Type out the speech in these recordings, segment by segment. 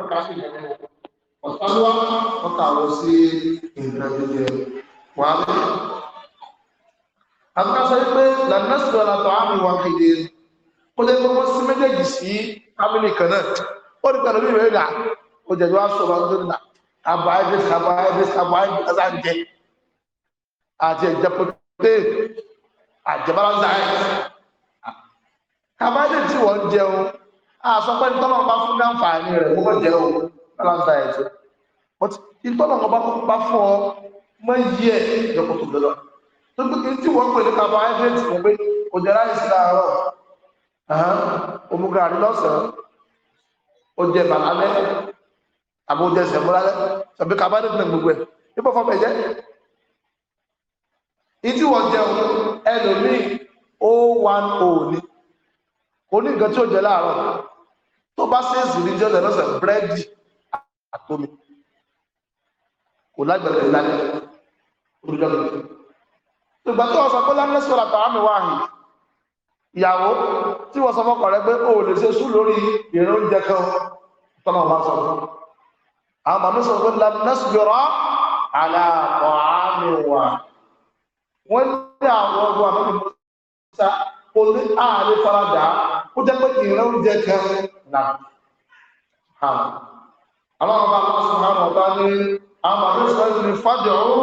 ọkà sí ìyẹn ọ̀tọ́lúwà ọkà lọ sí nǹkan jíjẹ wà á lọ. àbúkásọ yìí pé lànàṣì wà látọ̀ àmì wà kéde kó lè gbogbo sí méjèèjì sí ámìlì kan náà ó ní kan lórí rẹ̀ rà ó jẹ̀jọ́ wá sọ̀rọ̀ ọdún náà àbá ẹgbẹ́ sábà ẹgbẹ́ sábà ẹgbẹ́ sábà ń jẹ àti ẹ̀jẹ̀ pọ̀tẹ́ àjẹbára ń sáyẹ̀ àbájẹ́ tí wọ́n jẹun àsọpẹ́ ìtọ́lọ́wọ́ bá fún láǹfààní rẹ̀ wọ́n jẹ́ o láláńtà ẹ̀jẹ̀ but ìtọ́lọ́wọ́ bá fún ọ mọ́ yí ẹ̀ ìjọpọ̀ tó gbẹ̀lọ́ tó gbé tí wọ́n pè ní carbohydrate wọ́n pé kò jẹ́ ráìsì láàárọ̀ òmùgà rí lọ́sàn-án ó jẹ bàlálẹ́ àbí ó jẹ sẹ̀múlálẹ́ tàbí carbohydrate náà gbogbo ẹ̀ nípa fọ́ọ̀mù ẹ̀jẹ̀ ìdí wọ́n jẹun ẹlòmíì ó wà òní oní nǹkan tí ó jẹ láàárọ̀ tó bá ṣe èsì ní jọ́sẹ̀ lọ́sẹ̀ búrẹ́dì àtomi kò lágbẹ̀rẹ̀ ìlànà olùdókòwò ìgbà tó ọ̀sán pé lánàá sọ̀rọ̀ àtàwọn àmìwá àhìn ìyàwó tí wọ́n sọ fọ́kọ̀ rẹ pé o lè ṣe sùn lórí ìrìn oúnjẹ kan tọ́nà ọba sọ fún àwọn màmí sọ pé lánàá sọ̀rọ̀ àlàkọ̀ àmìwá wọ́n ní àwọn ọgbọ́n àmì kò ní àlè faradà ó jẹ́ pé ìran oúnjẹ kan nà hàn àwọn ọba aláṣọ àwọn ọba ní àwọn àmì sọ́yìn ní fájọ ó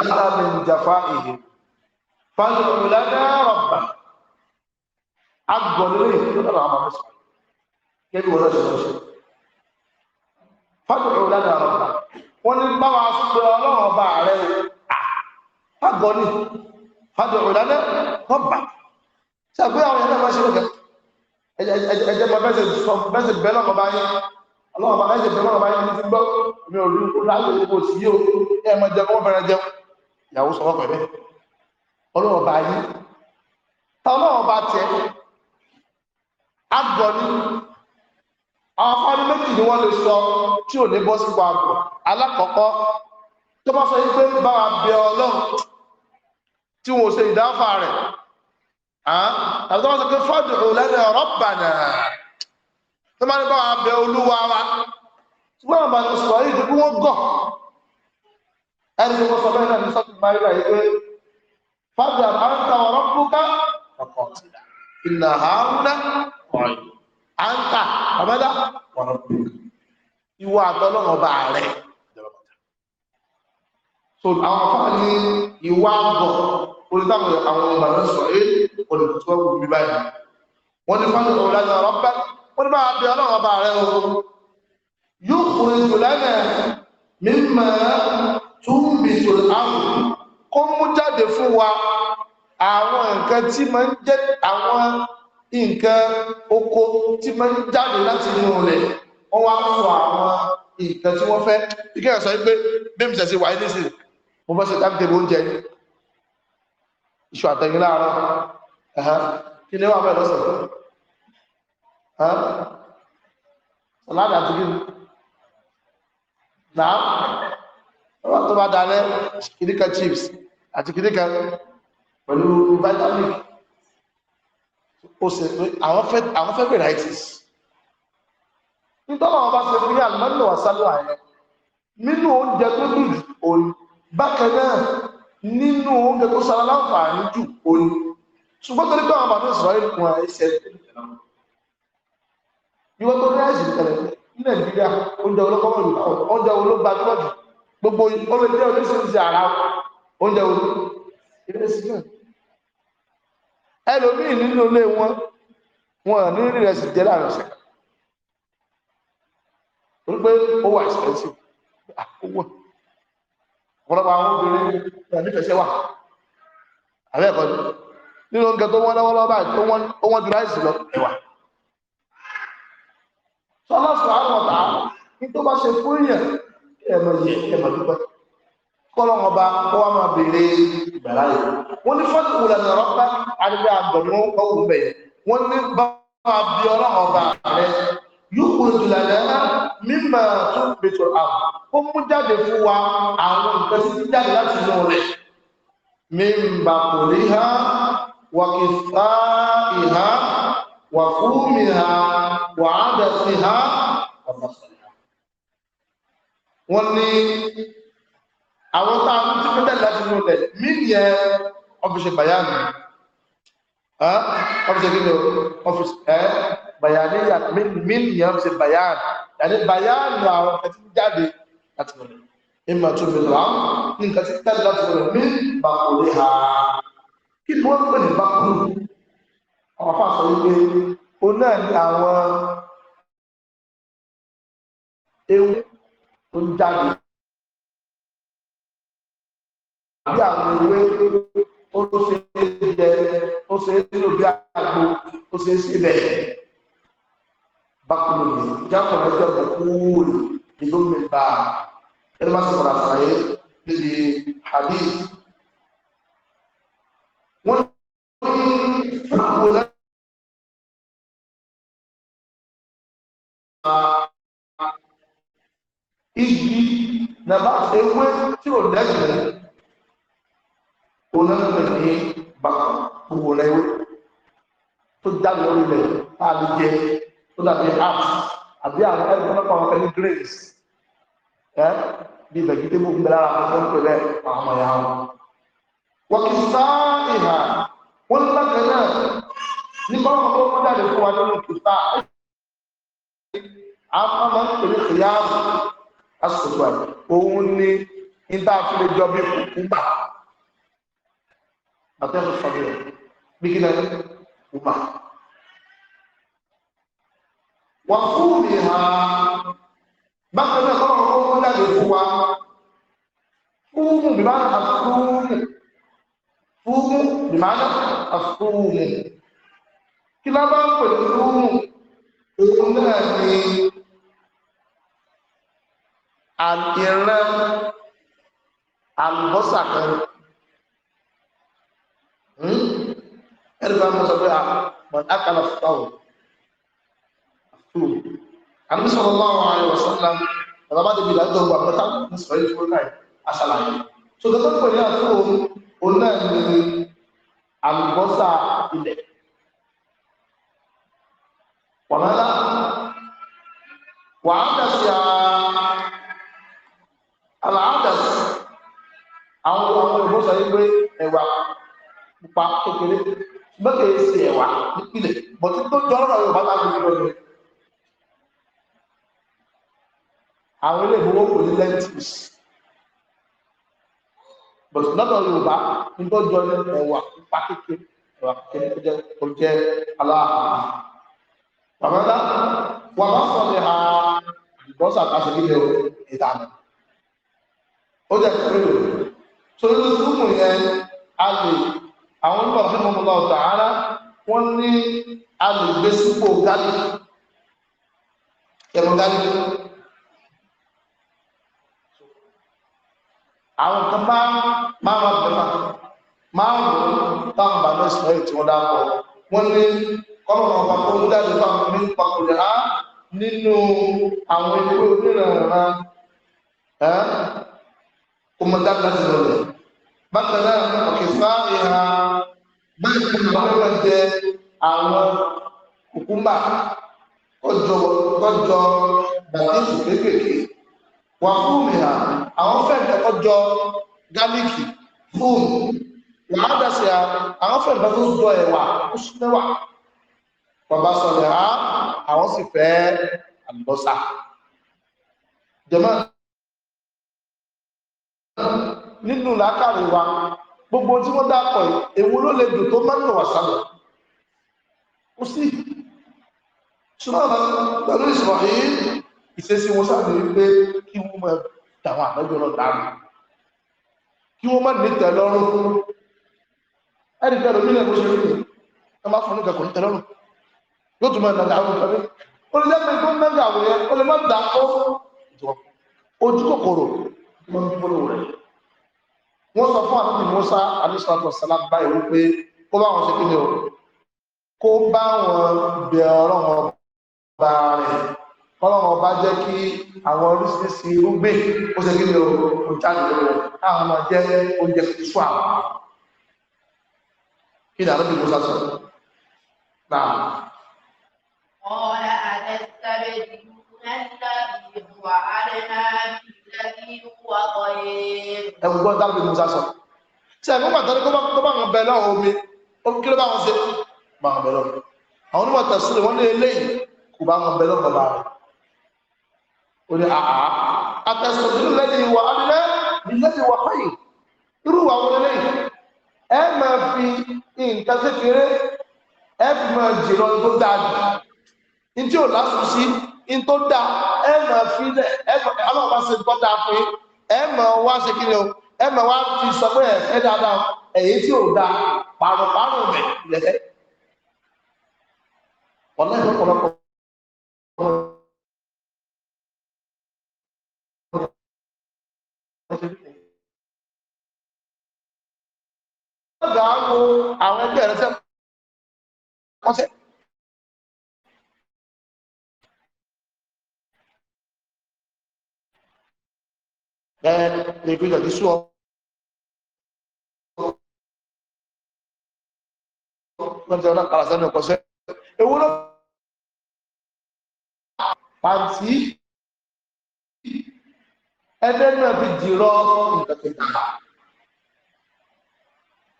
aláàmì ìjàfá ìhè fájọ ìlànà ọba agbọ̀nlẹ̀ ìfúnnà àwọn àmì sọ́yìn kẹ́lú wọ́n lọ́sọ̀ọ́sọ̀ fájọ ìlànà ọba wọ́n ní báwa sọ ọlọ́run ọba rẹ̀ àgọ́ ni fàdé ọ̀dánà rọ́bà ṣàgbé àwọn ẹ̀dá máa ṣe lọ́gà ẹ̀jẹ̀ máa bẹ́sẹ̀ sọ bẹ́sẹ̀ bẹ́ẹ̀ lọ́kọ̀ bá yín ọlọ́wọ́ bá bẹ́sẹ̀ bẹ́ẹ̀ lọ́kọ̀ bá yín ti gbọ́ mi ò rí láàyè kò sí yóò ẹ̀ mọ jẹun bẹ̀rẹ̀ jẹun ìyàwó sọ wọ́pẹ̀ bẹ́ẹ̀ ọlọ́wọ́ bá yín tọ́lọ́wọ́ bá tiẹ̀ àgọ́ ni àwọn afárí méjì ni wọ́n lè sọ tí ò ní bọ́ sípò àgọ́ alákọ̀ọ́kọ́ tó bá sọ yín pé báwa bẹ ọlọ́run tí wọ́n ṣe ìdáfà rẹ̀ àbí wọ́n sọ pé fọ́dùrù lẹ́nu rabbana tó máa ní bá wọn bẹ olúwa wa ṣùgbọ́n àwọn àmàlà sọ yìí tó kí wọ́n gọ̀ ẹni tó sọ bẹ́ẹ̀ náà ní sọ́tù máríà yìí pé fọ́dùrù anta wa rabbuka ọkọ̀ ìnà àárúnà àǹtà àbádá ọ̀rọ̀ ìwọ àtọ́lọ́wọ́ bá rẹ̀ so àwọn fáwọn ní ìwà àbọ̀ olùtàwọn àwọn ọmọ ìbàdàn sọ èyí olùtọ́ wù mí báyìí wọ́n ní fásitì ọ̀rọ̀ láti ọ̀rọ̀ pẹ́ wọ́n ní bá abẹ́ ọlọ́run ọba rẹ̀ o yóò kúrò jù lẹ́nà mímọ́ tún bì tó àrùn kó mú jáde fún wa àwọn nǹkan tí máa ń jẹ́ àwọn nǹkan oko tí máa ń jáde láti inú rẹ̀ wọ́n wá fọ àwọn nǹkan tí wọ́n fẹ́ ìkẹyàn sọ pé bí mi tẹ̀sí wà ní ìsìn mo fẹ́ ṣe tábìtì oúnjẹ yìí iṣu àtẹ̀yìn láàárọ̀ kí ni wà bẹ́ẹ̀ lọ́sẹ̀ sàládà àti kí náà wọ́n tó bá dalẹ̀ kìdíkà chips àti kìdíkà pẹ̀lú vitamin ó sì pé àwọn fẹ́ varieties nítorí àwọn bá ṣe fi àlùmọ́nì wà sálọ̀ àyẹ̀ nínú oúnjẹ tó dùn òní bákan nínú oúnjẹ tó sára láǹfààní jù oní ṣùgbọ́n tó ní pé àwọn bàbá ìsọ̀rọ̀ ìkùn ẹsẹ̀ ìwọ́n tó rẹ̀ ẹ̀sìn tẹ̀lẹ̀ ní nàìjíríà oúnjẹ olókọ́wọ́ ìlú oúnjẹ ológbàdúrà jù gbogbo olóòjẹ́ oríṣiríṣi ara oúnjẹ olú ìrẹsì náà ẹlòmíì nínú ilé wọn wọn ní ìrẹsì jẹ láàrin ọ̀sẹ̀ kan torí pé ó wà expensive ọ̀pọ̀lọpọ̀ àwọn obìnrin ẹ̀mí fẹ̀sẹ̀ wà àbẹ́ ẹ̀kọ́ ni nínú oúnjẹ tó wọ́n lọ́wọ́ lọ́wọ́ báyìí tó wọ́n ju ráìsì lọ ẹ̀wà sọlá sọ àwọn ọ̀tá ní tó bá ṣe fún yẹn ẹ̀mọ̀ yẹ ẹ̀mọ̀ dúpẹ́ kọ́lọ́ wọn bá kó wá máa béèrè ìgbàlá yẹn wọ́n ní fọ́ọ̀tù wùlẹ̀ ní ọ̀rọ̀pá àdúgbò àgbọ̀nú ọ̀wù bẹ̀ wọ́n ní bá bí ọlọ́run ọba rẹ yóò kúrò jùlọ lẹ́yìn mímọ̀ tó gbẹ̀tọ̀ àwọn ó mú jáde fún wa àwọn nǹkan sí ti jáde láti inú rẹ̀ mímbà kò rí ha wà kì fà ìhá wà fún mi ha wà á dà sí ha wọ́n ní àwọn tá a mú tí wọ́n jáde láti inú rẹ̀ mí yẹ ọ́fíìsì bàyánù ọ́fíìsì kí ni ọ́fíìsì ẹ́ bàyánù yà mí yẹ ọ́fíìsì bàyánù yàní bàyánù àwọn ẹ̀tí jáde láti wọlé ìmọ̀ tó fi lọ́wọ́ ní nǹkan tí tẹ́lẹ̀ láti wọlé ní bàkúrẹ́ ha kí ni wọ́n pè ní bàkúrẹ́ àwọn afá sọ wípé ó náà ní àwọn ewu tó ń jáde àbí àwọn ewé ó ṣe é jẹ ó ṣe é lò bí àgbo ó ṣe é sílẹ̀ bàkúrẹ́ jákòó ẹjọ́ bàkúrẹ́. بضم الباء المصدر الصحيح الذي حديث igi nàbà ewé tí ò dẹ́gbẹ̀ẹ́ onáfẹ́ ní bàkà gbogbo rẹ̀ ewé tó dábìí orílẹ̀ tá a lè jẹ tó dàbí apps àbí àwọn ẹgbẹ́ ọlọ́pàá wọn pẹ̀lú grace ẹ́ bí vegetable ń bẹ lára àwọn tó ń pè bẹ́ àwọn ọmọ ìyá wọn wọ́n kì í sá ìhà wọ́n lákẹ́ náà ní kọ́lọ́mù tó kọ́ jáde fún wa nínú kìtà àwọn máa ń pè ní kìyàmù asùgbà òun bákan náà kọ́nà ọkọ̀ ọkọ̀ jáde fún wa fúnmù bìmánà àfúnmù fúnmù bìmánà àfúnmù kí lá bá ń pè ní fúnmù òun náà ni ìran àlùbọ́sà hmm? ẹ̀rọ bá mọ̀ sọ pé àpọ̀ fún táwọn àmì sọ̀rọ̀ láwọn ààrẹ ọ̀sánlá bàbá débi ìdájọ́ ọgbà pẹ́tà ní sọ̀rọ̀ ìfowó náà àṣàlàyé tó tó tó pẹ̀lú àtúrò òun náà ní àlùbọ́sà ilẹ̀ wàmẹ́lá wàhádàsì àlàhádàsì àwọn olùbọ́sà yìí pé ẹ̀wà pupa kékeré mẹ́kẹ̀ẹ́ sí ẹ̀wà nípìnlẹ̀ bọ̀tí tó jọ ọ̀rọ̀ Yorùbá láti ìlú ọ̀rọ̀ àwọn ilé ìfowópamọ́ ní lentils but lọ́dọ̀ yorùbá ń tọ́jú ẹ̀wà pupa kékeré ẹ̀wà kékeré tó jẹ́ aláàbò bàbá wà bá sọ ní ha àdìbọ́sà tá a ṣe nílé ìdáná ó jẹ́ pé tó ní súnmù yẹn a lè àwọn onímọ̀ fún ọmọ ọmọ ọ̀tà ara wọ́n ní a lè gbé sípò gálí ẹ̀rọ gálí àwọn nǹkan bá máa bẹ̀rẹ̀ máa ń wò táwọn bàbá ìsìnkú tí wọ́n dápọ̀ wọ́n ní kọ́lọ̀kọ̀ ọba tó ń dájú fáwọn ní pàkòlẹ̀ á nínú àwọn ewé onírànran kọmọdáta ti lọlẹ̀ bákan náà ọ̀kẹ́fà ìhà báyìí kí wọ́n fẹ́ jẹ àwọn kùkúmbà tọ́jọ tọ́jọ bàtí ìsìnkú kéékèèké wà fún ìhà àwọn fẹ́ ìtẹ́kọ́ jọ gálíkì fún wàá dàsí à àwọn fẹ́ ìtẹ́kọ́ tó jọ ẹ̀wà ó sún mẹ́wà bàbá sọlẹ̀ á àwọn sì fẹ́ àlùbọ́sà jẹ́mọ́ nínú làákàrí wa gbogbo tí wọ́n dápọ̀ èwo ló lè dùn tó máa ń nà wà sálọ kò sí ṣùgbọ́n pẹ̀lú ìsọ̀rí ìṣesí wọn sáà ní wípé kí wọ́n máa tàwọn àtọ́jú ọlọ́dàánù kí wọ́n má nítẹ̀ lọ́rùn ẹ̀rì fẹ́ lómi lẹ́gbọ́n ṣe rí ẹ má fún nígbà kò nítẹ̀ lọ́rùn yóò tún máa dàgbà àwọn ìtọ́lé ó lè lẹ́gbẹ̀ẹ́ tó ń mẹ́gbẹ̀ àwọn yẹn ó lè má dà ó ojú kòkòrò wọn ń polówó rẹ̀ wọ́n sọ fún àtúntì Musa alisalatu wasalam báyìí wípé kó bá wọn ṣe kí ni o kó bá wọn bẹ ọlọ́run ọba rẹ̀ kọ́lọ́wọ́ ọba jẹ́ kí àwọn oríṣiríṣi irúgbìn ó ṣe kí ni o jáde lọ́wọ́ káwọn ọmọ jẹ́ oúnjẹ fífú àwọn kí ni àlọ́bí musa sọ náà. ọ̀rẹ́ àlẹ́ sábẹ́ di mẹ́ta ìwà àrẹ́nà ìlẹ́bí wà ọ̀yẹ́. ẹ gbọ́ dábì musa sọ ṣe ẹ̀mí pàtàkì tó bá wọn bẹ lọ́wọ́ omi ó kí ló bá wọn ṣe bá wọn bẹ lọ́wọ́ àwọn onímọ̀ tẹ̀sílẹ̀ wọn ní eléyìí kò bá wọn bẹ lọ́wọ́ lára ó ní àá àtẹ̀sọ̀tún lẹ́ni ìwà alẹ́ ní lẹ́ni ìwà fẹ́yìn irú wa wọlé lẹ́yìn ẹ máa fi nǹkan kékeré ẹ fi máa jìnnà tó dáa jù ní tí ò lásùn sí ní tó dáa ẹ máa fi lẹ ẹ máa wá ṣe gbọ́dá fún ẹ máa wá ṣe kí ni o ẹ máa wá fi sọ pé ẹ dáadáa ẹ̀yìn tí ò dáa pàrọ̀pàrọ̀ rẹ̀ lẹ́fẹ́ ọ̀lẹ́yìn ọ̀pọ̀lọpọ̀ lọ́gà á wo àwọn ẹgbẹ́ rẹ̀ sẹ́kọ̀ọ́ wọ́n sẹ́ ẹ lè fi lọ́dí ẹgbẹ́ náà fi jìrọ nǹkan tó dà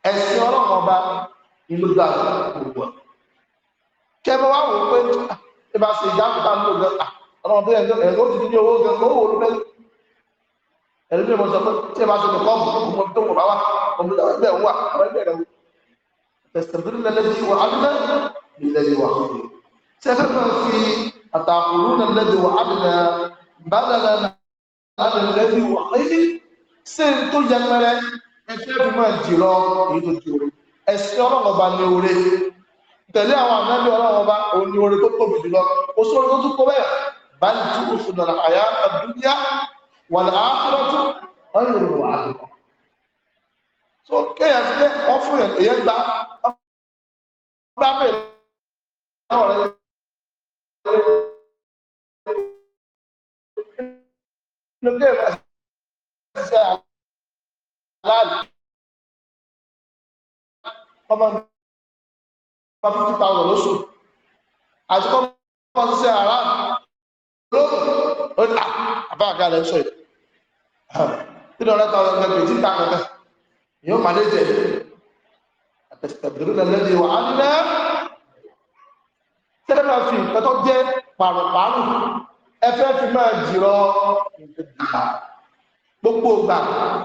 ẹ̀sìn ọlọ́run ọba ìlú gbà gbogbo kẹfẹ́ wá wò pé ah, ẹ bá ṣe ìdáhùn tá ah, ló gan ọlọ́run bí ẹ̀gbọ́n ẹ̀gbọ́n ti ní owó gan owó ló bẹ́ẹ̀ ẹ̀rí bí mo sọ pé tí ẹ bá ṣe nìkan ọmọ tó wọ̀ bá wà ọmọ tó bẹ́ẹ̀ wà ọmọ ẹgbẹ́ rẹ̀ wò tẹ̀sítẹ̀bírí lẹ́lẹ́dí wà ádùnẹ́ ìlẹ́dí wà ṣẹfẹ́ máa fi àtàkùrú lẹ́lẹ́dí wà ádùnẹ́ bá lẹ́lẹ́ náà láti rẹ̀ bí wà léyí sí tó jẹ pẹ́rẹ́ ẹgbẹ́ bí máa jì lọ èyí tó jù orí ẹ̀sìn ọlọ́ọ̀ba ní orí tẹ̀lé àwọn ànábì ọlọ́ọ̀ba òun ní orí tó tóbi jùlọ ó sọ tó tún kó bẹ́ẹ̀ bá ní tí ó sùn dọ̀là àyà àdúyá wà láàárọ̀tù ló dé ìfẹ́ ṣe aláàbí ọmọ nípa fifty thousand lóṣù àti kọ́ ọmọ ṣe aláàbí lóṣù ó ní àbá àga rẹ̀ sọ yìí tí lọ́rẹ́ ta ọ̀rẹ́ gbẹ̀gbẹ̀ tí táwọn ọ̀rẹ́ yóò má lé jẹ àtẹ̀sítẹ̀bìrì lẹ́lẹ́dẹ̀ wà á ní náà tẹ́lẹ̀ ẹ fẹ́ fi máa jìrọ gbogbo ìgbà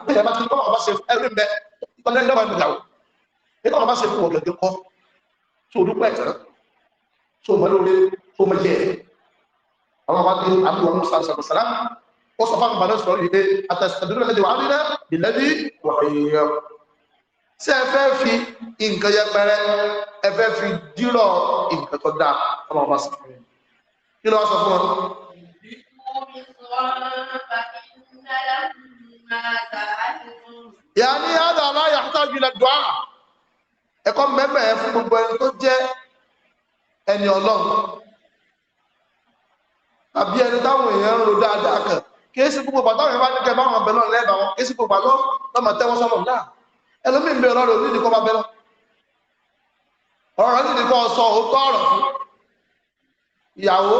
ẹ̀yẹ bá ti kọ́ ọ̀bá ṣe ẹ̀rí mẹ́ ọ̀dẹ́gbẹ̀rún ìgbàwó nígbà ọ̀bá ṣe fún ọ̀dọ̀dẹ́ kọ́ tó dúpẹ́ ìtàn tó mọ lórí tó mọ jẹ́ àwọn ọba tí a tún wọn sàn sàn sàn ó sọ fún àgbàdo sọ̀rọ̀ yìí pé àtàṣàdúró lẹ́dí wà á nílẹ̀ ìlẹ́dí wà á sí ẹ fi nǹkan yẹpẹrẹ ẹ fẹ́ fi dírọ̀ nǹkan tó dáa ọmọ ọba sọ fún mi kí ló wá sọ fún ọ yàní hádà aláyàtà jùlọ dùá ẹ̀kọ́ mẹ́mẹ́ ẹ̀ fún gbogbo ẹni tó jẹ́ ẹni ọlọ́run àbí ẹni táwọn èèyàn ń ro dáadáa kan kéésì gbogbo bàtà òyìnbó bá dúkẹ́ báwọn ọbẹ̀ náà lẹ́ẹ̀bà wọn kéésì gbogbo àlọ́ lọ́mọ tẹ́wọ́n sọ́nà náà ẹlòmíì ń bẹ ọ̀rọ̀ rẹ̀ onídìí kọ́ bá bẹ́ ọ̀rọ̀ rẹ̀ onídìí kọ́ sọ òótọ́ ọ̀rọ̀ fún ìyàwó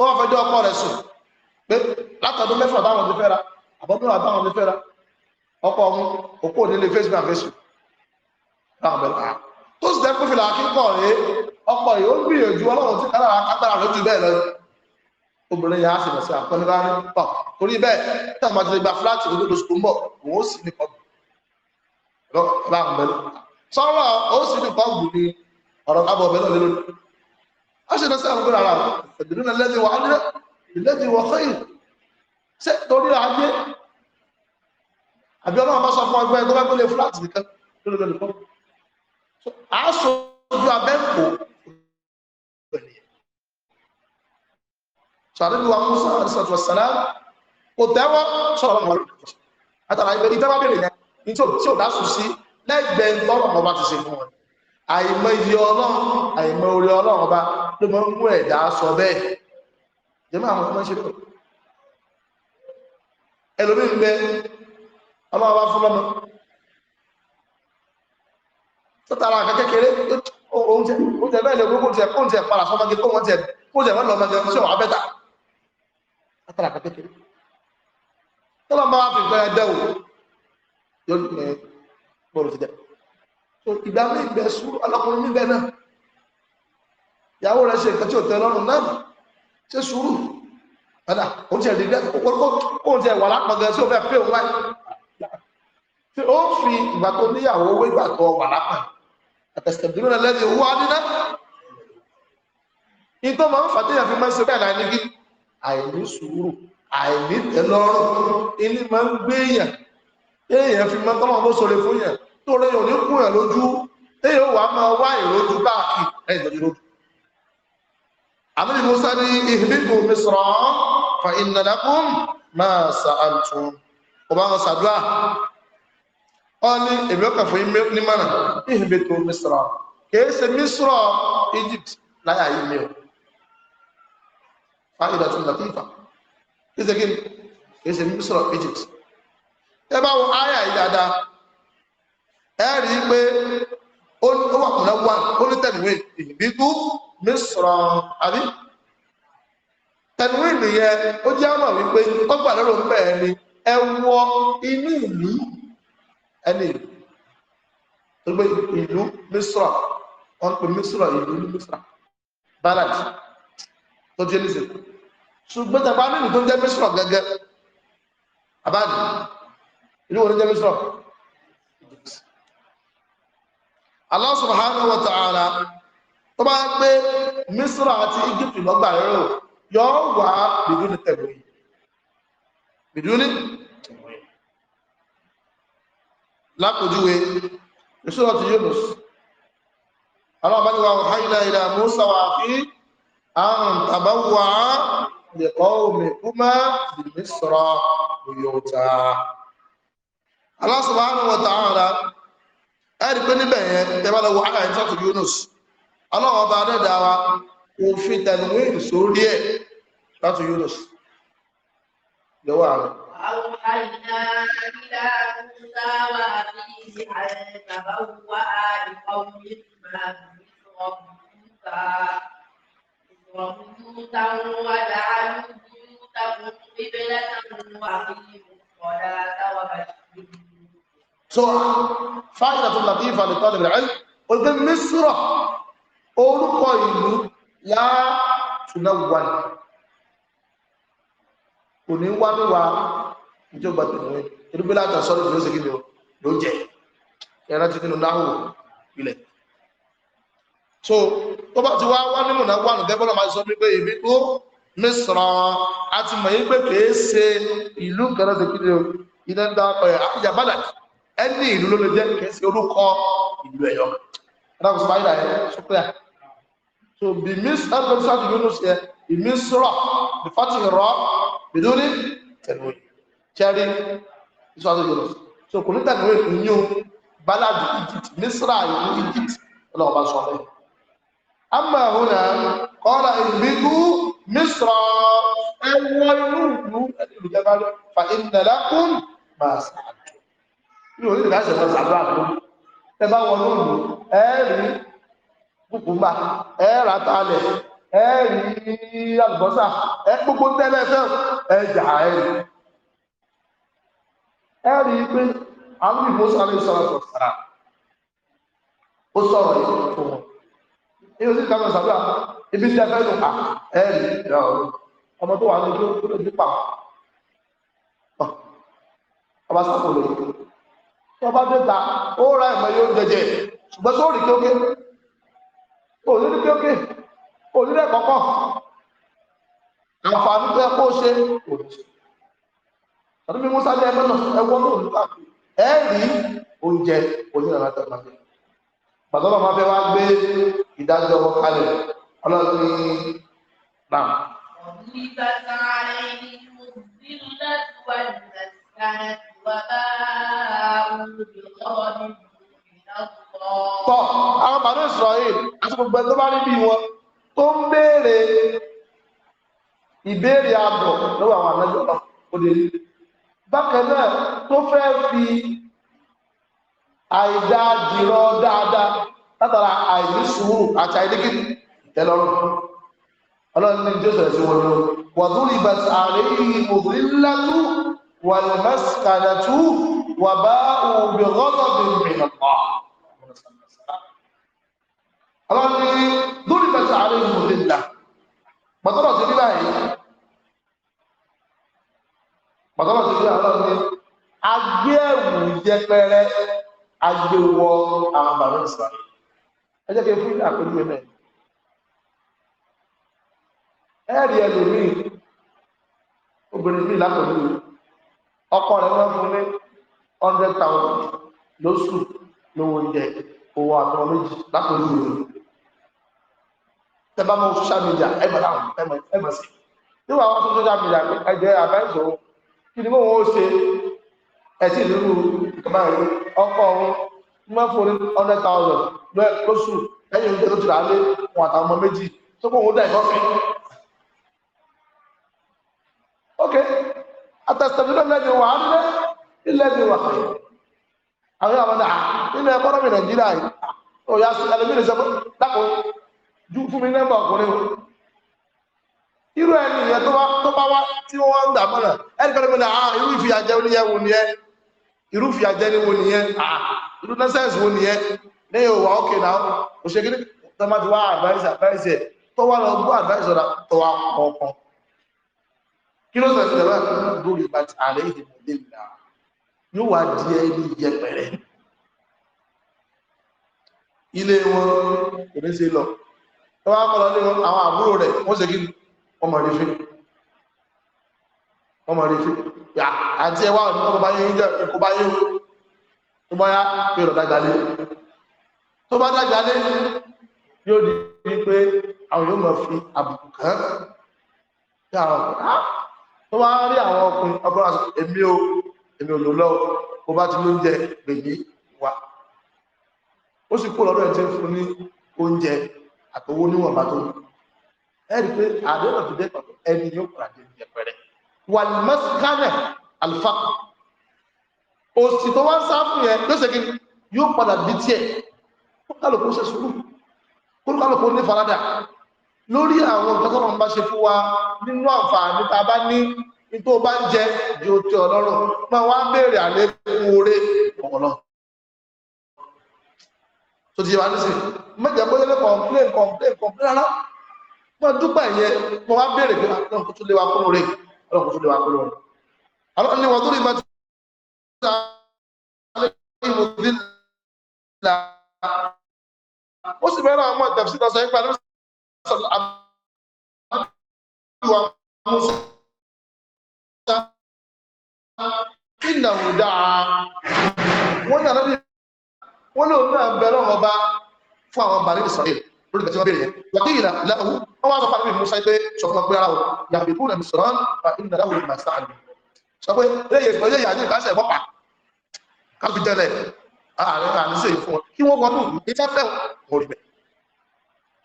ó wá fẹjọ́ ọkọ rẹ̀ sùn pé látọdún mẹ́fà táwọn ti fẹ́ra àbọ̀dún àtàwọn ti fẹ́ra ọkọ ọ̀hún òkú òní lè fésìmà fésù táwọn bẹ̀rẹ̀ à ah. tó sì dẹ́kun fìlà akíkọ̀ rèé ọkọ yìí ó ń gbìyànjú ọlọ́run tí kára kápẹ́rà rẹ̀ jù bẹ́ẹ̀ lọ obìnrin yà á sì lọ́sẹ̀ àpẹẹrẹ pọ̀ torí bẹ́ẹ̀ tẹ́lẹ̀ máa ti gba fúláàtì lójú lóṣù tó ń bọ̀ òun ó sì ní kọ́ọ̀bù lọ́kọ̀ọ́ bá ń bẹ̀rẹ̀ sọ́rọ̀ ó ọ̀ṣẹ̀ lọ́sẹ̀ àwọn gbọ́dọ̀ ara ẹ̀dùnú náà lẹ́dí wà ádùrẹ́ ìlẹ́dí wà kọ́yì ṣé torí ra ajé àbí ọlọ́run bá sọ fún ọgbẹ́ tó bá gbélé fúláàtì nìkan lórí lórí kọ́ àásọ ojú abẹ́ǹkó sàdébí wa musa àdìsàtù wasalam kò tẹ́wọ́ sọ̀rọ̀ ọmọ rẹ̀ àtàrà ìbẹ̀rẹ̀ ìtẹ́wọ́ bẹ̀rẹ̀ yẹn tí ò dá sùn sí lẹ́gbẹ̀ẹ́ tọ́rọ̀ ọmọ bá ti ṣe fún wọn àìmọ̀ iye ọlọ́run àìmọ̀ orí ọlọ́run ọba ló mọ́ mú ẹ̀dá sọ bẹ́ẹ̀ jẹ́mọ́ àwọn ọmọ ṣe pọ̀ ẹlòmíín bẹ ọlọ́run bá fún lọ́mọ tọ́tara àkà kékeré oúnjẹ bẹ́ẹ̀ lè gbogbo oúnjẹ kó oúnjẹ padà sọ́mọ́gé kó oúnjẹ kó oúnjẹ mọ́lọ́ ọmọdé tí wọ́n bẹ́ta tọ́tara àkà kékeré tọ́lọ́ bá fi gbẹ́rẹ́ dẹ́wò yóò ní bọ́ọ̀lù ìgbà mi ìgbẹ́ sùúrù ọlọ́kùnrin níbẹ̀ náà ìyàwó rẹ̀ ṣe nǹkan tí ò tẹ́ lọ́rùn náà ṣe sùúrù padà ó ti ẹ̀dí dẹ́ ó ti ẹ̀wà lápọ̀gẹ́ sí ó fẹ́ pé òun wáyé tí ó fi ìgbà tó níyàwó owó ìgbà tó wà lápà àtẹ̀sẹ̀dúró náà lẹ́yìn owó adínà ìtọ́ máa ń fà téèyàn fi máa ń ṣe bẹ́ẹ̀ náà ní àìní sùúrù àìní tẹ́lọ́rùn tó rẹ yóò ní kún ẹ̀ lójú tí yóò wá máa wá ìrójú báàkì ẹ̀yìn lójú àmìlì musa ní ìhìlìkù misra fa ìnàdàkùn máa sa'altun ọba wọn sàdúrà ọ ní èmi ọkà fún ní mọ́nà ìhìlìkù misra kìí ṣe misra Egypt láyà yìí mi ò fa'ida tún latifa kìí ṣe misra Egypt ẹ bá wọ áyà yìí dáadáa ẹ rí i pé ó wà kùnà wà ó ní tẹ̀wé ìbídú ní sọ̀rọ̀ àbí tẹ̀wé nìyẹn ó jẹ́ àmọ̀ wípé ọgbà lọ́rọ̀ ń bẹ̀ ẹni ẹ wọ inú ìlú ẹni gbogbo ìlú misra wọn pe misra ìlú ní misra balad tó jẹ́ ní sèkú ṣùgbọ́n tẹ̀pá nínú tó ń jẹ́ misra gẹ́gẹ́ abáàdì ìlú wo ló jẹ́ misra. Allah subhanahu wa ta'ala tó bá gbé Misra àti Egypt lọ́gbà rẹ̀ yóò wà bìdún ní tẹ̀wé bìdún ní tẹ̀wé lápòjúwe ìṣúra ti Yunus Allah bá ní wa ọ̀háìlá ila Musa wà fi àrùn tàbáwà lẹ̀kọ́ omi kúmá bìmísọ̀rọ̀ òyòta Allah subhanahu wa ta'ala ẹ̀rí pé níbẹ̀ yẹn tẹ́bá lọ wọ ara ẹ̀ sọ́tù Yunus ọlọ́run ọba adẹ́dà wa òfin tẹ̀lúwìn sórí ẹ̀ sọ́tù Yunus lọ́wọ́ ààrẹ. أوحينا إلى موسى وأخيه أن تبوأ لقومهما مصر بيوتا بيوتا وجعلوا بيوتكم قبلة وأقيموا الصلاة وبشر so fáyidà tó láti ìfà lè tọ́lẹ̀ rẹ̀ olùgbé mísúrọ̀ orúkọ ìlú látúnà wà ní kò ní wá níwá ìjọba tẹ̀wé ìdúgbé látà sọ́rọ̀ tó ṣe kíni ló so tó bá ti na wá ní múnà wà ní ẹni ìlú ló lè jẹ́ kẹsí orúkọ ìlú ẹ̀yọ́ ẹ̀dàkùn sí báyìí sọ́kúlẹ̀ so bí miss ẹgbẹ́ sáàtì yóò ṣe ìmí sọ́rọ̀ bí fati rọ bìdúrí tẹ̀lú kẹrí ìṣọ́tò yóò so kò ní tẹ̀lú ìyó balad egypt misra ìlú egypt ọlọ́ọ̀bá sọ bẹ́ẹ̀ ama hona kọ́ra ìlú misra ẹwọ́ inú ìlú ẹni ìlú jẹ́ bá lọ fa máa sáré yóò ní ìdájọ́ lọ sàdúrà tó ẹ bá wọn lóòlù ẹ rí kùkùmbà ẹ rà talẹ̀ ẹ rí àlùbọ́sà ẹ gbogbo tẹ́lẹ̀ fẹ́ ẹ jà ẹ rí ẹ rí i pé àwọn ìmọ̀sá lè sọ̀rọ̀ sọ̀rọ̀ sàrà ó sọ̀rọ̀ yìí tó wọn èyí ó sì ká lọ sàdúrà ibi tí a fẹ́ lò ká ẹ rí ìdá ọ̀rọ̀ ọmọ tó wà ní ojú ojú pa ọba sàkóso yìí tó bá dé ta ó ra ìmọ̀ yóò jẹjẹ ṣùgbọ́n tó rí kéókè òní rí kéókè òní rẹ̀ kọ́kọ́ àǹfààní tó yẹ kó ṣe òní àti bí musa jẹ mẹ́nà ẹwọ́n ní òní káàkiri ẹ rí oúnjẹ òní rẹ̀ láti ọ̀nà bàtọ́ bàbá fẹ́ wá gbé ìdájọ́ ọkọ̀ kalẹ̀ ọlọ́run ní náà. ضربت عليهم الذلة والمسكنة tọ́ àwọn bàbá Israel àti gbogbo ẹgbẹ́ bá níbi wọn tó ń béèrè ìbéèrè àbọ̀ lọ́wọ́ àwọn àmẹ́jọ́ náà ó lè rí bákan náà tó fẹ́ fi àìdá dìrọ dáadáa látara àìní sùúrù àti àìdíkì tẹ́lọ́rùn ọlọ́run ní jésù ẹ̀sìn wọn lọ wọ̀dúnrún ìbẹ̀sẹ̀ àárẹ̀ yìí mọ̀dúnrún lẹ́tù والمسكنة وباءوا بغضب من الله Ọlọ́run ní lórí mẹ́ta àárẹ̀ ìmọ̀lélà pàtọ́lọ̀ sí nílá yìí pàtọ́lọ̀ sí nílá Ọlọ́run ní agbẹ́ẹ̀wù jẹpẹrẹ agbẹ́wọ àwọn bàbá ìsìlámù ẹ jẹ́ kí n fún àpèjúwe mẹ́rin ẹ̀rí ẹlòmíì obìnrin bíi lápẹ̀lú ọkọ rẹ̀ wọ́n fún ní hundred thousand lóṣù lówó oúnjẹ owó àtọwọ́ méjì látòlú rẹ̀ tẹ́ bá mọ social media ẹ bá dáhùn ẹ bá sí nígbà wọn sọ social media pé ẹjẹ àbáyọsọ kí ni wọn ò ṣe ẹtì lulu ìkàmá rẹ ọkọ ọhún wọ́n fún ní hundred thousand lóṣù lẹ́yìn oúnjẹ tó ti rà á lé wọn àtàwọn ọmọ méjì tó kó òun dá ìkọ́fẹ́. okay àtàstàbílẹ̀ lẹ́ni wà á lẹ́ ilẹ̀ ni wà àwọn àwọn náà nínú ẹkọ́nọ́mì nàìjíríà yìí ó yá sí ẹlẹ́mìnì sọ dákò ju fún mi nẹ́mbà ọkùnrin o irú ẹni ìyẹn tó bá wá tí wọ́n ń dàmọ́ náà ẹni pẹ̀lú pẹ̀lú àá irú ìfìyàjẹ oníyẹ wo nìyẹn irú ìfìyàjẹ ni wo nìyẹn àá ah, irú nọ́sẹ̀sì wo nìyẹn ní ìwà òkè náà òṣèkiri tó má ti wá àdváìsì àdváìsì ẹ̀ e. tó wá lọ gbọ́ àdváìsì ọ̀dà tó wá kọ̀ọ̀kan kí ló sọ̀rọ̀ ìjọba lórí bá ti ààrẹ ìdìbò lè là yóò wá di ẹni yẹpẹrẹ ilé wọn kò ní ṣe lọ tó bá kọ́ lọ ní àwọn àbúrò rẹ̀ wọ́n ṣe kí ọmọ rí fi ọmọ rí fi àti ẹwà ọmọ bá yẹn jẹ ẹkọ bá yẹn tó bá yá pé ọ̀dà gbalẹ̀ tó bá dá gbalẹ̀ yóò di pé àwọn yóò mọ̀ fi àbùkù kàn án tó wá rí àwọn ọkùnrin ọgbọ́n àṣọ èmi o èmi ò lò lọ bó bá ti lóúnjẹ gbèmí wa ó sì kó lọ́dọ̀ ẹ̀ tí ń fún ní oúnjẹ àtowó níwọ̀nba tó ní ẹ̀rí pé àdéhùn ti dé pàtó ẹni yóò kọ̀ra dé ní ẹ̀pẹ̀rẹ̀ wàlmọ́sánẹ̀ alfa òsì tó wá ń sá fún yẹn yóò ṣe kí yóò padà bí tiẹ̀ kó kálukú ṣe sùúrù kó kálukú ní faradà lórí àwọn ìtọ́tọ́nà bá ṣe fún wa nínú àǹfààní tá bá ní ní tó bá ń jẹ ju ti ọlọ́run máa wá béèrè àlékún oore ọ̀pọ̀lọ́ tó ti yẹ wá nísìn mẹ́jọ bóyá lè kọ̀ǹpléǹ kọ̀ǹpléǹ kọ̀ǹpléǹ rárá máa dúpẹ́ ìyẹn mo wá béèrè pé ah, ọlọ́run kò tún lè wá kún oore ọlọ́run kò tún lè wá kún oore ọlọ́run ni wọ́n tó rí ma ti ta ó sì bẹ́ẹ̀ náà mọ̀ tẹ̀síta sọ nípa lóṣù sọ̀rọ̀ àbúrò àmúṣọ kí nàrú dáa wọ́n ní àlọ́bí wọ́n lóun náà bẹ̀rẹ̀ ọba fún àwọn bàrí ìsọ̀rọ̀ lórí ìgbà tí wọ́n bèèrè yẹn wà kí ìlà láwù wọ́n wá sọ fún àlọ́bí musa pé sọ̀rọ̀ pé ara o yàbí kúrò nàbí sọ̀rọ̀ fa ìnà láwù ìmà sáà ni sọ pé lẹ́yìn ìgbà yẹn yàjú ìbáṣẹ̀ wọ́pà káfíjẹ́lẹ̀ ààrẹ àníṣe ìfún wọn kí wọ́n wọnú ìfẹ́fẹ́ wọn rí bẹ́ẹ̀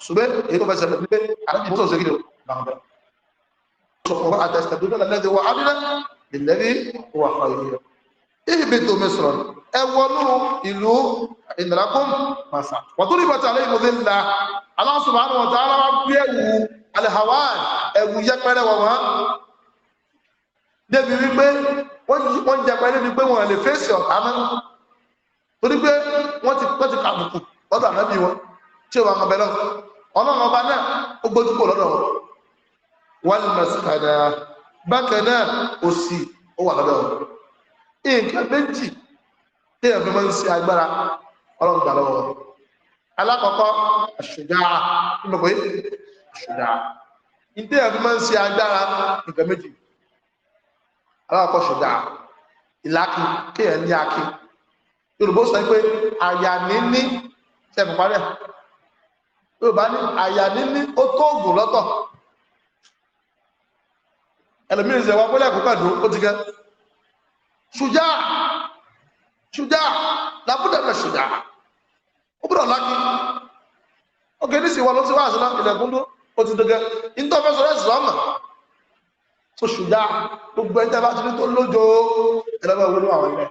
ṣùgbẹ́ èyí tó fẹsẹ̀ pé àdìbò ṣe gídò làǹbẹ̀ sọ̀rọ̀ àtẹ̀sẹ̀dúnlẹ̀ lẹ́lẹ́dẹ̀ wà ádìlẹ̀ ìlẹ́rí wà fàyè ibi tó mi sọ̀rọ̀ ẹ wọnú ìlú ìnàlákùn màsà wọ́n tó rí bàtà alẹ́ ìmọ̀dé ńlá Allah subhanahu wa ta'ala gbé ẹ̀wù alhawan ẹ̀wù yẹpẹrẹ wọn wọn débi wípé wọ́n jẹpẹrẹ wípé wọn lè fèsì ọ̀tá mọ́ torí pé wọ́n ti kàbùkù ọ̀dọ̀ ànábì wọn tí ó bá ń bẹ lọ́wọ́ ọlọ́run ọba náà ó gbójúkò lọ́dọ̀ wọn wal maskana bákan náà òsì ó wà lọ́dọ̀ wọn nǹkan méjì tí èèyàn fi máa ń ṣe agbára ọlọ́run gbà lọ́wọ́ alákọ̀ọ́kọ́ àṣùdá àṣùdá èèyàn fi máa ń ṣe agbára nǹkan méjì alákọ̀ọ́kọ́ ìlàkì kéèyàn ní akí yorùbá sọ pé àyà yorùbá ní àyà níní ó tó oògùn lọ́tọ̀ ẹlòmíràn ṣe wá pẹ́lẹ́ àkókò dùn ó ti gẹ́ ṣùjá ṣùjá làbúdà bẹ̀rẹ̀ ṣùjá ó gbọ́dọ̀ lákì ókè ní sì wọ́n ló ti wá àṣìlá ìdẹ̀kùn dún ó ti dẹ́gẹ́ ìtọ́ fẹ́ sọ rẹ́sì lọ́mà tó ṣùjá gbogbo ẹjẹ́ bá ti ní tó lójó ẹlẹ́gbẹ́ owó àwọn ilẹ̀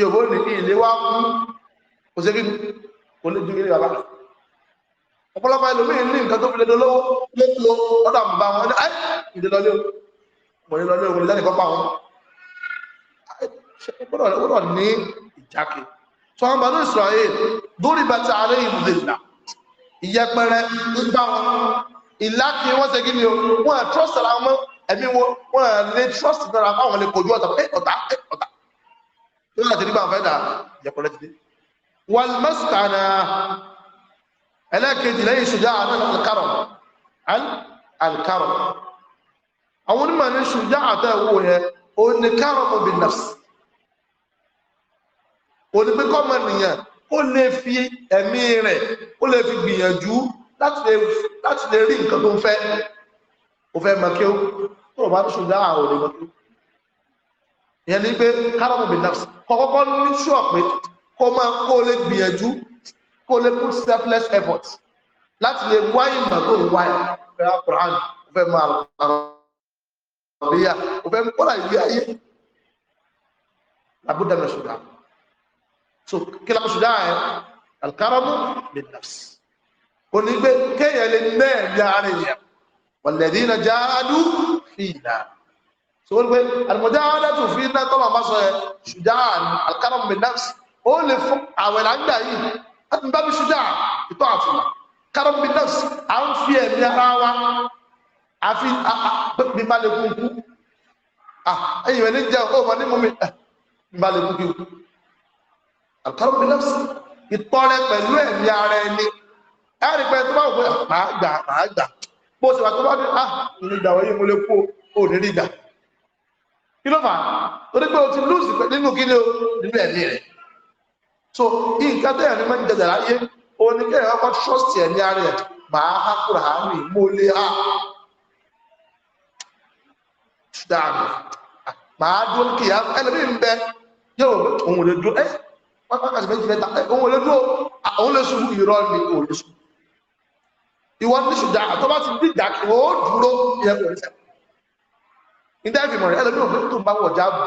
yorùbá ní ilé wa kú kò sí kí kò lè ju ilé bàbá rẹ̀ ọ̀pọ̀lọpọ̀ ẹlòmíín ní nǹkan tó fi lè dolówó ló lo ọ̀dọ̀ àmàbà wọn ní ẹ́ ìdè lọlé o mo ní lọlé o wọlé lẹ́nìkan pa wọn gbọ́dọ̀ ní ìjákè tó wọn bá ní Israel lórí bàtà àárẹ̀ ìbùdó ìlà ìyẹpẹrẹ ń bá wọn ìlà kí wọ́n ṣe kí ni o wọ́n ẹ̀ trọ́sì ara wọn ẹ̀mí wọn ẹ̀ lè trọ́sì nára fáwọn lè kojú ọ̀tà ọ̀tà ọ̀tà lórí àti nígbà wọn fẹ́ dà ìyẹpẹrẹ ti dé wàlmẹ́sìtà náà ẹlẹ́ẹ̀kejì lẹ́yìn ṣùjá alkarọ̀ alkarọ̀ àwọn onímọ̀ ní ṣùjá àtọ́ ẹ̀wọ́ yẹ oníkarọ̀ obìn nafsi onípẹ́kọ́mọ nìyàn ó lè fi ẹ̀mí rẹ̀ ó lè fi gbìyànjú láti lè rí nǹkan tó ń fẹ́ ó fẹ́ mọ̀kí ó tó bá ṣùjá àwọn onímọ̀kí ìyẹn ni pé kárọ̀ obìn nafsi ní ṣùọ̀pẹ́ kó kó lè put selfless effort láti lè wá ìmọ̀ tó ń wá ìfẹ́ Quran fẹ́ máa àríyá ó fẹ́ kọ́ra ìwé ayé àbúdá mẹ́ ṣùgbọ́n so kí lápá ṣùgbọ́n ẹ̀ alkaramu bin nafs ó ní gbé kéèyàn lè mẹ́ẹ̀mí ara èèyàn walladhina jahadu fina so wọ́n gbé àlùmọ̀já adátù fina tọ́lọ̀ máa sọ ẹ̀ ṣùgbọ́n alkaramu bin nafs ó lè fún àwẹ̀lá ń gbà yìí láti bá bí ṣújà ìtọ́ àtúnà kárọ̀m bí nọ́ọ̀sì à ń fi ẹ̀mí ara wa àfi bíbalẹ̀ kúnkú ẹ̀yìn ẹni jẹ́ ọmọ ní mọ́mí bíbalẹ̀ kúnkú kárọ̀m bí nọ́ọ̀sì ìtọ́rẹ pẹ̀lú ẹ̀mí ara ẹni ẹ̀rì pẹ̀lú tó bá wù pé màá gbà màá gbà bó ṣe wà tó bá dé ah ìrìnjà wọ̀nyí mo lè kó òní rí gbà kí ló fà á torí o ti lùsì nínú kí ni o nínú ẹ̀mí rẹ̀ so nǹkan tó yẹn ní mẹ́rin jẹjẹrẹ ayé oníkẹ́yìn ọkọ̀ trust ẹ̀ ní ara ẹ̀ máa há kúrò àárín mo lè há dáàbò máa dúró kì í ẹlẹ́mí ń bẹ yóò òun lè dúró ẹ pápákàsí méjì mẹ́ta òun lè dúró òun lè sùn ìrọ́ ni òun lè sùn ìwọ ní ṣùdá àtọ́ bá ti bí ìjà kí ó dúró yẹ kò ní sẹ́yìn ní dẹ́ẹ̀fì mọ̀rẹ́ ẹlẹ́mí òun tó ń bá wọ̀ jáàbù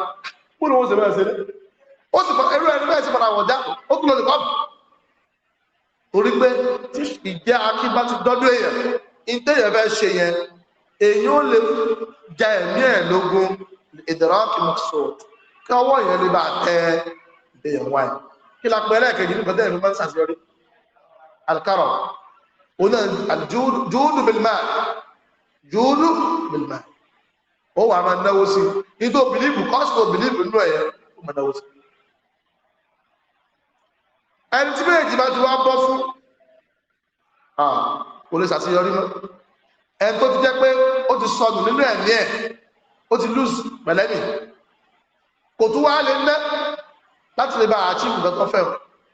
kó ló ń ṣe bẹ́ẹ̀ ó sì ẹrú ẹni bẹ́ẹ̀ sì padà wọ̀ já ó kúrò ní kọ́ọ̀bù torí pé ìjẹ́ akí bá ti dọ́dún èèyàn ìtẹ̀yẹ̀ fẹ́ ṣe yẹn èyí ó lè ja ẹ̀mí ẹ̀ lógún ìdàrọ́kì mọ̀sọ̀tì kí ọwọ́ yẹn lè bá tẹ ìbéyàn wáyé kí la pẹ́ẹ́lẹ́ kejì ní bẹ́tẹ̀ ìlú mẹ́sàn sí orí alkarọ̀ òun náà jùúdù bìlmà jùúdù bìlmà ó wà máa náwó sí i nítorí bìlíìbù kọ́sìtò bìlíìbù nínú ẹ̀yẹ ó máa náwó sí ẹni tí méjì bá ti wá bọ́ fún kò lè ṣàṣeyọrí mọ́ ẹni tó ti jẹ́ pé ó ti sọnù nínú ẹ̀mí ẹ̀ ó ti lose pẹ̀lẹ́mì kò tún wá lè ná láti lè bá àchíf nǹkan tó fẹ́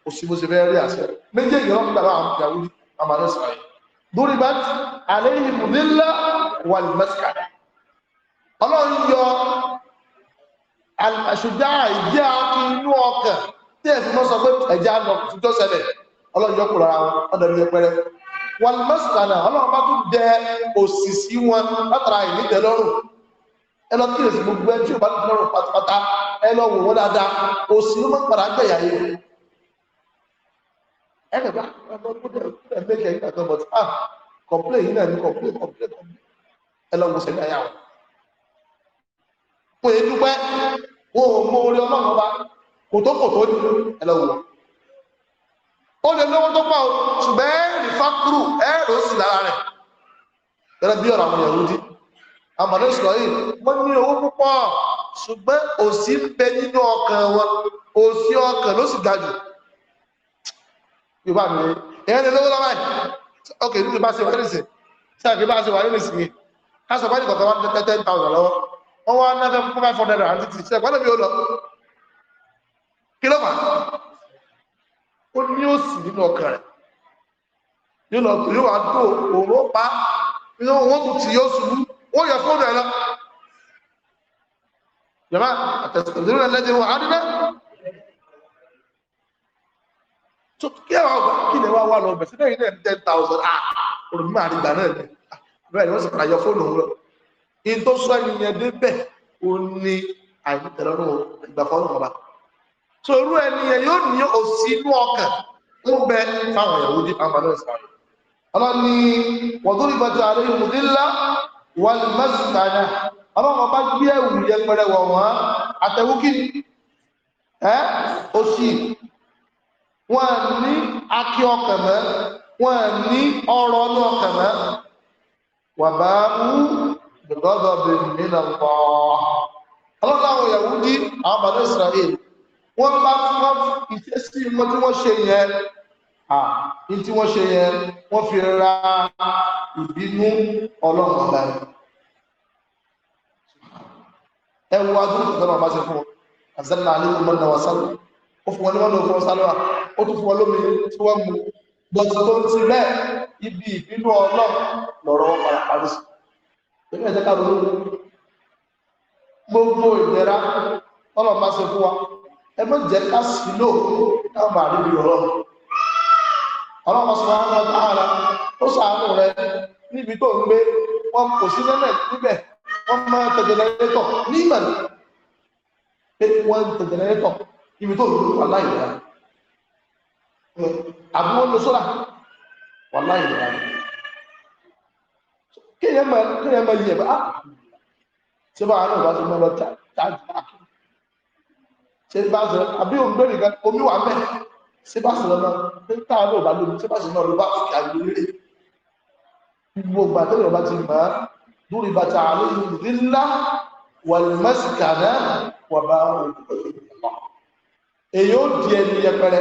kò sí bó ṣe fẹ́ rí àṣẹ méjèèjì wọn gbà láwọn ìyàwó àmàlẹ́ sàáyé lórí bá ti àléyìn nílá wà ní mẹ́sìkà ọlọ́run yọ àṣùdá ìdí àkínú ọkàn tí ẹ fi mọ́ sọ pé ẹ̀jẹ̀ àná tó ṣẹlẹ̀ ọlọ́run yọkù lára wọn ọ̀dọ̀ ní ẹpẹrẹ wọn mọ́sànà ọlọ́run bá tún dẹ òṣìṣì wọn látara ìnítẹ̀lọ́rùn ẹ lọ kíyèsí gbogbo ẹ tí ò bá ti lọ́rùn pátápátá ẹ lọ wò wọ́n dáadáa òṣì ló máa ń padà gbẹ̀yà yìí ẹ lè bá ẹgbẹ́ ẹgbẹ́ kan but ah complain yìí náà ní complain complain complain ẹ lọ gbọ́sẹ̀ ní ayáwó. pé dúpẹ́ wọn ò mọ orí ọlọ́run ọba kòtókòtó ẹlọ́wọ̀ ó lè lówó tó pọ̀ ṣùgbẹ́ ẹ̀rì fákúrù Yahudi àmàlẹ́ Israel wọ́n ní owó púpọ̀ ṣùgbẹ́ òṣì ń bẹ nínú ọkàn wọn òṣì ọkàn ló sì ga jù yorùbá mi ẹ̀yẹ́ lè lówó lọ́wọ́ ẹ̀ ok nínú bá ṣe wà nínú ìsìn sí kí ló fà ó ní òsì nínú ọkàn rẹ̀ yóò lọ yóò wá tó òró pa nínú wọn kò tí yóò ṣubú ó yọ fóònù ẹ lọ jọba àtẹsítọ̀sílẹ̀ rẹ̀ lẹ́jẹ̀ wọn àdúgbẹ́ tó kí ẹwà ọgbà kí lè wá wà lọ bẹ̀ sílẹ̀ ilẹ̀ ten thousand ah olùmọ̀ àdìgbà náà ni ah, bẹ́ẹ̀ ni wọ́n sì padà yọ fóònù òun lọ in tó sọ ìyẹn débẹ̀ ó ní àìní tẹ̀lọ́rùn ìgbà fọ́nù ọba so irú ẹniyẹn yóò ní òsì inú ọkàn ń bẹ fáwọn ìyàwó ní àmàlẹ́ ìsàlẹ̀ ọlọ́ni wọ̀dúrí bàtà àrẹ ìmùdílá wà ní mẹ́sìtàdà ọlọ́wọ́ bá gbé ẹ̀wù yẹpẹrẹ wọ̀ wọ́n àtẹ̀wú kí ẹ́ òsì wọn ní akí ọkàn mọ́ wọn ní ọrọ̀ ọ̀nà ọkàn mọ́ wà bá mú gbọdọ̀ bẹ̀rẹ̀ nílẹ̀ pọ̀ ọlọ́láwọ̀ yahudi àwọn bàtà ìsàlẹ̀ wọ́n bá tí wọ́n ìṣesí wọn tí wọ́n ṣe yẹn ní tí wọ́n ṣe yẹn wọ́n fi ra ìbínú ọlọ́run ọ̀la yìí ẹ wo adúlù tó dábàá bá ṣe fún ọ àzẹ́lá àlejò mọ́nà wà sálọ ó fún wọn ní mọ́nà òfin sálọ ó tún fún wọn lómi tí wọ́n mu bọ́tù tó ń ti bẹ́ẹ̀ ibi ìbínú ọlọ́run lọ́rọ̀ wọn padà parí sí i. gbogbo ìlera tọ́lọ̀ bá ṣe fún wa ẹ má jẹ́ ká sí lò káwọn bá rí bí ọ̀rọ̀ ọlọ́pàá sọ wọn lọ́dọ̀ ara ó sàánú rẹ níbi tó ń gbé wọn kò sí lẹ́lẹ̀ níbẹ̀ wọ́n máa tẹ̀jẹ̀lẹ́tọ̀ ní ìmọ̀lẹ̀ pé wọ́n tẹ̀jẹ̀lẹ́tọ̀ ibi tó ń gbé wà láì lọ́la àbí wọ́n lo sólà wà láì lọ́la kéèyàn máa yẹ̀ bá ah, ṣé báwa náà wá sí náà ṣe bá sọ àbí òun lórí kan omi wà mẹ́ ṣe bá sọ lọ́nà pé táwọn náà bá lómi ṣe bá sọ náà ló bá fi àgbè lé gbogbo ìgbà tó yọba ti mọ̀ lórí bàtà àlóyún ńlá wàlùmọ́sìkàdá wà bá òun èyí ó di ẹni yẹpẹrẹ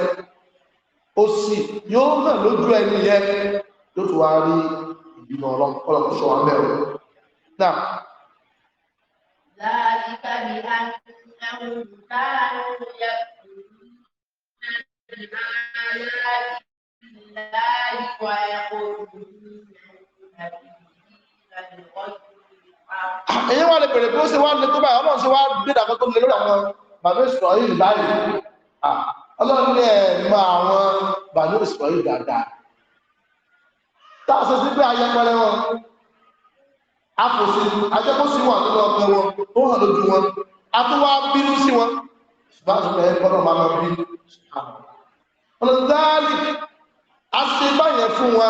ó sì yóò náà lójú ẹni yẹ yóò tún wá rí ìbínú ọlọ́pọ̀lọpọ̀ ṣọ́wọ́n mẹ́rin náà. láàrín ká ní á أنهم كانوا يكفرون بآيات الله ويقولون èyí wà lè bèrè bí ó ṣe wá lè tó báyìí ọlọ́run ṣe wá gbé dàgbà tó lè lórí àwọn bàbá ìsọ̀rọ̀yìn báyìí ọlọ́run ní ẹ̀ẹ̀mọ àwọn bàbá ìsọ̀rọ̀yìn dáadáa tá sí pé ayẹpẹrẹ wọn afòsí ajẹkọsí wà nínú ọgbẹ wọn ó hàn lójú wọn àtúwà bínú sí wọn ṣùgbọ́n àtúwà ẹ̀ gbọ́dọ̀ máa lọ bínú ọlọ́dáàlì a ṣe báyẹn fún wa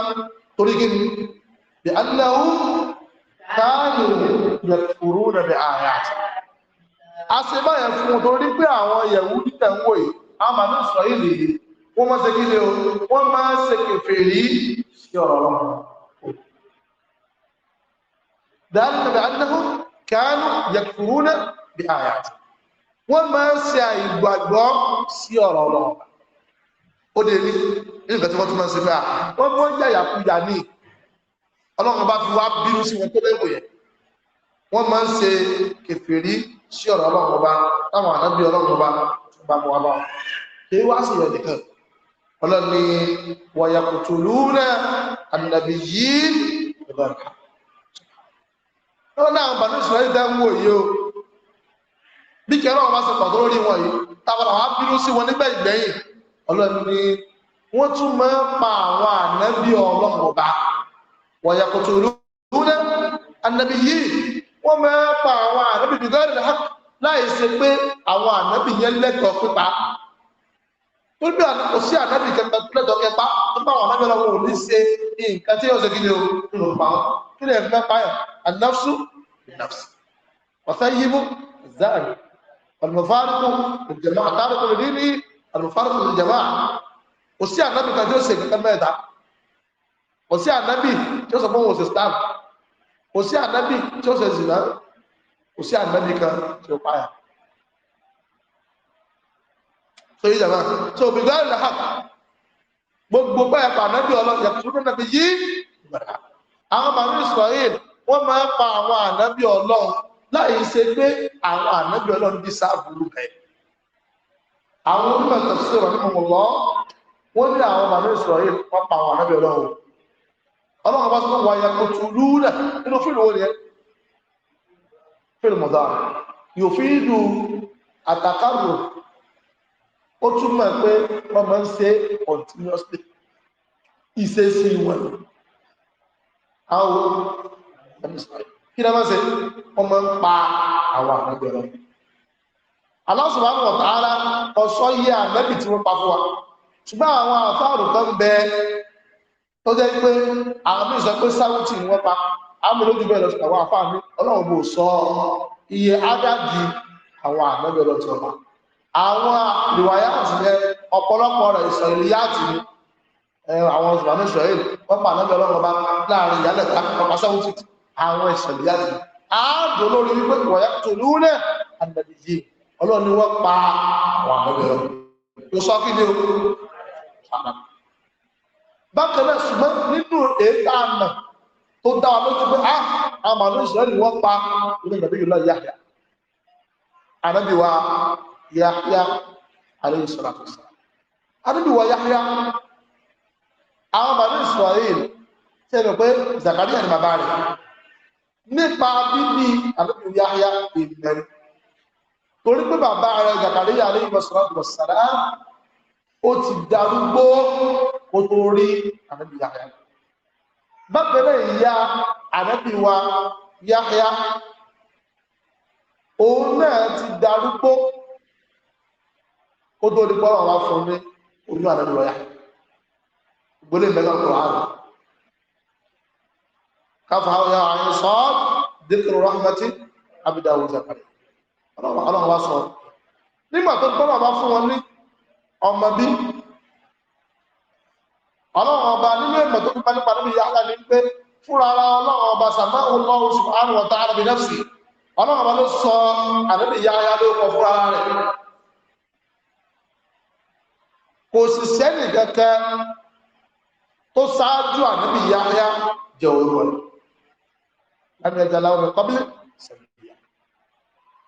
torí gíní bí annáwó káàlù yẹ̀kùrú rẹ̀ ààrẹ a ṣe báyẹn fún torí pé àwọn yẹ̀wú títẹ̀ ń wòye a máa ní sọ ìlú yìí wọ́n máa ṣe kí ni wọ́n máa ṣe kèfè sí ọ̀rọ̀ wọn dáàlì bí annáwó káàlù yẹ̀kùrú rẹ̀ bí àyà wọ́n máa ń ṣe àìgbàgbọ́ sí ọ̀rọ̀ lọ ó dé ní nígbà tí wọ́n tún máa ń ṣe fẹ́ wọ́n mọ́ yàyàkuyà ní ọlọ́run bá fi wá bínú sí wọn tó lẹ́wọ̀ yẹn wọ́n máa ń ṣe kèfèrí sí ọ̀rọ̀ ọlọ́run ọba táwọn ànábì ọlọ́run ọba tó bá mọ́ wa bá kí wá sí ìyọ̀ nìkan ọlọ́ni wọ̀yàkùtùlúúnà ànàbì yìí ìbára ọlọ́run àwọn bàbá ìṣòro ìdáwó yìí bí kí ọlọ́run bá ṣe pàtó lórí wọn yìí tàbàtà wọn bínú sí wọn nígbà ìgbẹ̀yìn ọlọ́run ni wọ́n tún máa ń pa àwọn ànábì ọlọ́run ọba wọ́n yà kòtò lóúnẹ́ ànábì yìí wọ́n máa ń pa àwọn ànábì bìgọ́rì láì ṣe pé àwọn ànábì yẹn lẹ́tọ̀ọ́ pípa ó bí kò sí ànábì kẹta lẹ́tọ̀ọ́ kẹpa tó bá àwọn ànábì ọlọ́run ò ní ṣe nǹkan tí yóò ṣe kí ni o ló pa wọn kí المفارق للجماعة تارك لدينه المفارق للجماعة kò sí ànábì kan tí ó ṣe kankan mẹ́ta kò sí ànábì tí ó sọ fún òsè stamp kò sí ànábì tí ó so yìí jàmá so bìgbà ìlà hàp gbogbo pẹ́ ẹ̀pà ànábì ọlọ́run yàtọ̀ tó nàbí yí àwọn màmí Israel wọ́n máa pa àwọn ànábì ọlọ́run láì ṣe pé àwọn ànábì ọlọ́run bí sáàbùrù bẹ̀ àwọn onímọ̀ tafsir rọ̀ nínú lọ wọ́n ní àwọn bàbá Ísírẹ́lì wọ́n pa àwọn ànábì ọlọ́run ọlọ́run bá sọ wáyé kò tù lúúlẹ̀ nínú fíìlù wọn yẹn fíìlù mọ̀dá yóò fi dù àtàkàrò ó túmọ̀ pé wọ́n máa ń ṣe continuously ìṣesí wọn àwọn ẹ̀mí sọ̀rọ̀ kí náà máa ṣe wọ́n máa ń pa àwọn ànábì ọ̀rọ̀ Allah subhanahu wa ta'ala ọ̀sọ́ iye ànábì tí wọ́n pa fún wa ṣùgbọ́n àwọn àfáàrù kan bẹ tó jẹ́ pé àwọn mí sọ pé sáwùtì wọ́n pa amúlójú bẹ́ẹ̀ lọ sí àwọn àfáà mi ọlọ́run bò sọ iye ádàdì àwọn ànábì ọ̀rọ̀ tí wọ́n pa àwọn ìwàyáàtì yẹn àwọn ìṣẹ̀lẹ̀ yá ti àádọ́ lórí wípé wọ̀nyá tó lú náà àdàdì yìí ọlọ́run ni wọ́n pa àwọn àmọ́bẹ̀ lọ tó sọ kí ni o bákan náà ṣùgbọ́n nínú èédá àmà tó dá wa lójú pé á àmà ló ìṣẹ̀lẹ̀ ni wọ́n pa ilé ìgbàdí Zakaria ni nípa bíbí àlọ́bí yáyá ìbẹ̀rẹ̀ torí pé bàbá rẹ̀ Zakaria alayhi wassalatu wassalam ó ti darúgbó ó tó rí àlọ́bí yáyá bábẹ̀rẹ̀ ìyá àlọ́bí wa yáyá òun náà ti darúgbó ó tó rí pọ́lọ̀ wá fún ní ojú àlọ́bí wa yá gbólé mẹ́lọ́kọ̀ọ́ àrùn káfàáyà àyìn sọ díkùrù rahmati abidawo zakari ọlọ́run wá sọ nígbà tó gbọ́nà bá fún wọn ní ọmọ bí ọlọ́run ọba nínú ẹ̀mọ̀ tó gbọ́nà nípa níbi yàrá ní pé fúnra ara ọlọ́run ọba sàmáhùn lọ́wọ́ subhanahu wa ta'ala bi nafsi ọlọ́run ọba ló sọ àdébì yàrá ló kọ fúnra rẹ̀ kò sì sẹ́nì kankan tó ṣáájú àdébì yàrá jẹ́ orú ẹ̀mìnẹ̀jà láwọn ọmọ ẹ̀kọ́bílẹ̀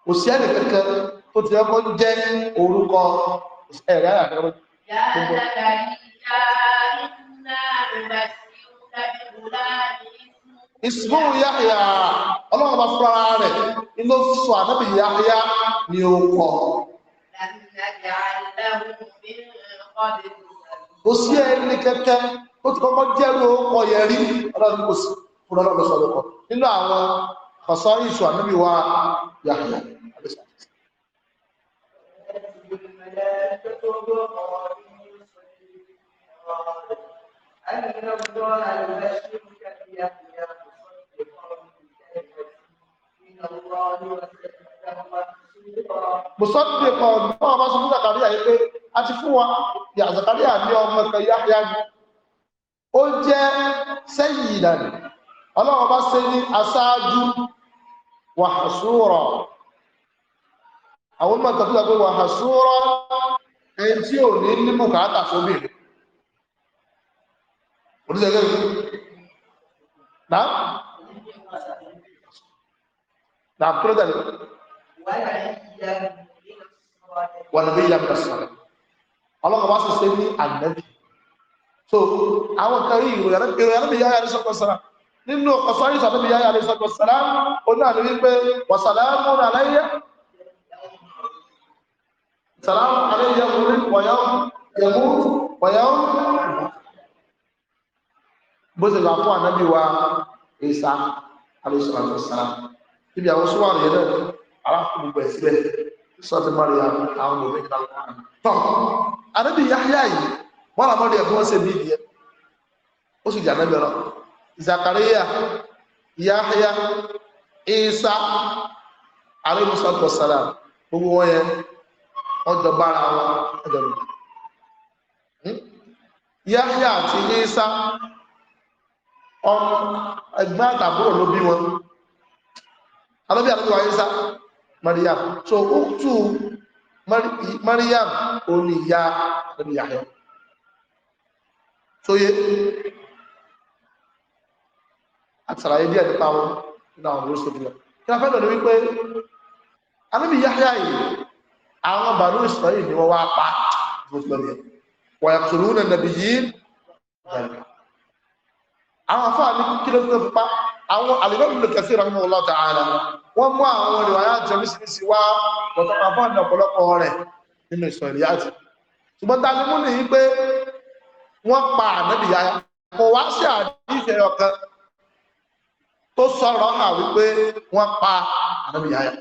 kò sí ẹnì kankan tó ti ẹkọ jẹ́ orúkọ ẹ̀rẹ́ àgbẹ̀rẹ̀ gbogbo. ìsìnkú yáyà ọlọ́run bá fúra rẹ̀ inú sọ ànábì yáyà ni ó kọ. kò sí ẹnì kankan tó ti kọ́kọ́ jẹ́rú ọkọ̀ yẹn rí ọlọ́run kò sí fúnra lọ sọ lọkọ nínú àwọn ọsọ ìṣù ànábì wa yàtọ̀ Mùsọ́dé kan náà bá sọ fún Zakariya yìí pé a ti fún wa, Zakariya ní ọmọ ẹ̀kẹ́ Yahya. Ó jẹ́ sẹ́yìn ìdàdì, ọlọ́run bá ṣe ní aṣáájú wàhásúrọ̀ àwọn ọmọ ìtàkùn àgbẹ̀ wàhásúrọ̀ ẹni tí ò ní ní bùkátà sóbì oníṣẹ́gẹ́ náà náà kúrò dàní wà nàbí yàgbà sọ̀rọ̀ ọlọ́run bá ṣe ṣe ní àgbẹ̀bí so àwọn kan rí ìròyìn àrẹ́bí yára ní sọ́kọ̀ sọ́ra nínú ọ̀sán ìsàtẹ́bí yáyà lè sọ́gbọ̀ sàlámù oná ní wípé wàsàlámù aláyé sàlámù aláyé múrí wọ̀yáwó wọ̀yáwó bó ti làpọ̀ ànábí wa ìsà alẹ́sọ̀rọ̀ sàlámù ibi àwọn súnmọ́ àrùn yẹn náà arákùnrin gbẹ̀ síbẹ̀ sọ́tí mọ́rí àwọn ọmọ ìgbà tán ànábí yáyà yìí wọ́n làmọ́dé ẹ̀gbọ́n sí ibi ìdíyẹ ó sì jẹ́ ànábí zakariya yahya isa alayhimusalaatu wasalaam gbogbo wọn yẹn ọjọ bára wọn ọjọ lọ hmm? yahya àti isa ẹgbẹ́ àtàbúrò ló bí wọn alóbi àlóbi isa mariam so ó tù Maria, ó ní ìyá ẹni yahya tó yẹ àti sàlàyé díẹ̀ nípa wọn nínú àwọn olóṣù bí wọn kí a fẹ́ lọ ní wípé anábì Yahya yìí àwọn bàánú ìsọ̀ yìí ni wọ́n wá pa gbogbo yẹn wọ́n yà kùrù ní nàbì yìí àwọn afọ́ àmì kí ló tó pa àwọn àlùbọ́n lè kẹsí ìrànwọ́ ọlọ́ta ara wọ́n mú àwọn olùwà yá jọ ní sinisi wá lọ́tọ́ afọ́ àmì ọ̀pọ̀lọpọ̀ rẹ̀ nínú ìsọ̀ ìyá àti ṣùgbọ́n ta ni mú nìyí pé wọ́n pa ànábì Yahya kò wá sí àdíjẹ ọ̀kan tó sọ̀rọ̀ hàn wípé wọ́n pa ànábì Yahya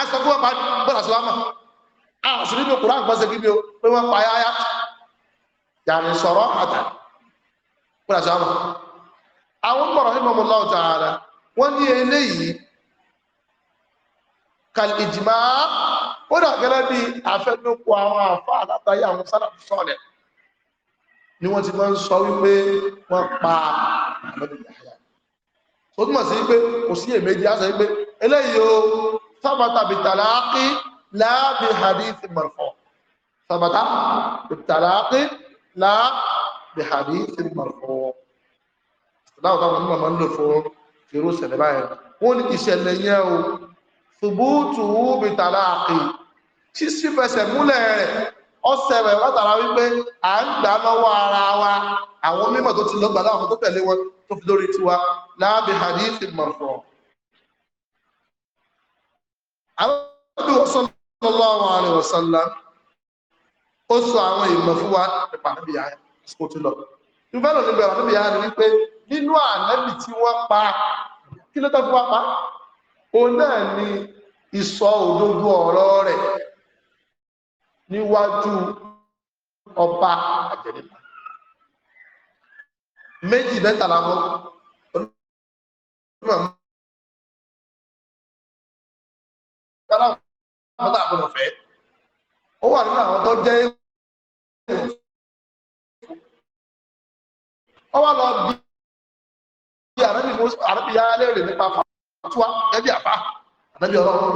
aṣọ fún wọn pa bọ́lá sọlámà àṣì nínú kùrán gbọ́sẹ̀ kí ni o pé wọ́n pa Yahya yàrá sọ̀rọ̀ àtà bọ́lá sọlámà àwọn mọ̀rọ̀ nínú ọmọ lọ́wọ́ tààrà wọ́n ní eléyìí kàlìjìmá ó dà gẹ́lẹ́ bí àfẹnukù àwọn àfa àtàtàyà àwọn sálàmù sọ̀rẹ̀ ni wọ́n ti máa ń sọ wípé wọ́n pa ànábì Yahya ó túnmọ̀ sí pé kò sí èméjì á sọ pé eléyìí o sábàtà bìtàláàkì láàbì hadith marfu sábàtà bìtàláàkì láàbì hadith marfu láwọn táwọn onímọ̀ máa ń lò fún irú ìṣẹ̀lẹ̀ báyẹn wọ́n ní ìṣẹ̀lẹ̀ yẹn o ṣùgbọ́n tùwú bìtàláàkì ṣíṣí fẹsẹ̀ múlẹ̀ rẹ̀ Ọ látara wípé à ń gbà ara wa àwọn tó ti láwọn tó wọn tó fi lórí tiwa láàbí mọ̀fọ́. ó sọ àwọn ìmọ̀ fún wa nípa níbi àyà àsìkò tó lọ. Ìfẹ́ níbi níbi ni wípé nínú tí wọ́n pa kí ló fún níwájú ọba àjẹ̀dẹ̀ méjì mẹ́tàlá mọ́ ó wà nínú àwọn tó jẹ́ ó wà lọ bí i àrẹ́bíyá lẹ́rẹ̀ nípa fàtúwá ẹbí àbá àrẹ́bí ọlọ́run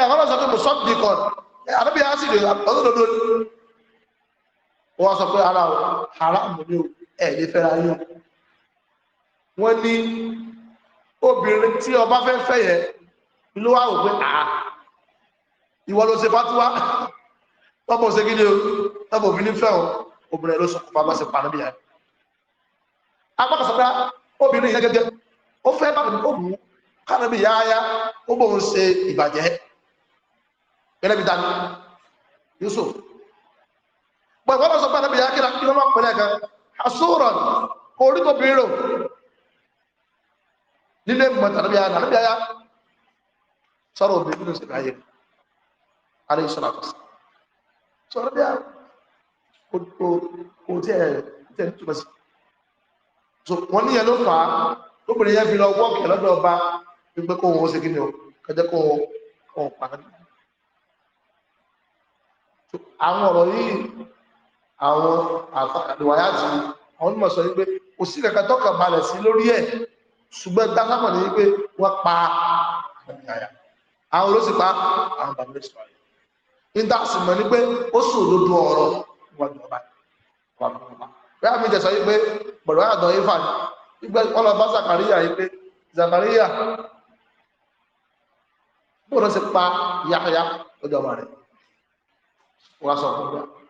ẹ̀kọ́ lọ́sọ̀tún mùsọ́bìdì kan àdébí yà á sì lè ọlọ́dọ̀dọ̀ ni wọ́n sọ pé ara ò haramu ni ò ẹ̀ lè fẹ́ra yín wọ́n ní obìnrin tí ọba fẹ́ fẹ́ yẹ ló wà wò pé àá ìwọ ló ṣe fatuwa tọ́pọ̀ ṣe kí ni ní fẹ́ obìnrin ló sọkùn fún abáṣe pàdé bíyà agbákasọ̀dá obìnrin gẹ́lẹ́ bí dání Yusuf pọ̀ ìwọ́n sọ pé ànábì yákìrá kí ló máa pẹ̀lẹ́ kan asúrọ̀ orí tó bèèrè nílé mọ̀tà ànábì yáyá ànábì yáyá sọ̀rọ̀ òbí nínú ìsìnkú ayé alẹ́ ìṣọ́nà so wọ́n níyẹn ló fà á lóbìnrin yẹn fi lọ wọ́ọ̀kì lọ́dọ̀ ọba wípé kóhun ó ṣe kí ni o kẹjẹ kóhun àwọn ọ̀rọ̀ yìí àwọn àfàdìwáyà ti àwọn onímọ̀ sọ wípé kò sí kankan tọ́kàn balẹ̀ sí lórí ẹ̀ ṣùgbọ́n dákàmọ̀ ní wípé wọ́n pa àwọn olóṣì pa àwọn bàbá olóṣì pa ní tá a sì mọ̀ ní pé ó sùn òdodo ọ̀rọ̀ wájú ọba bẹ́ẹ̀ mi tẹ̀sọ́ yìí pé pẹ̀lú àyàtọ̀ ifá Zakaria yìí pé Zakaria bóun ló ṣe rẹ̀ wọ́n sọ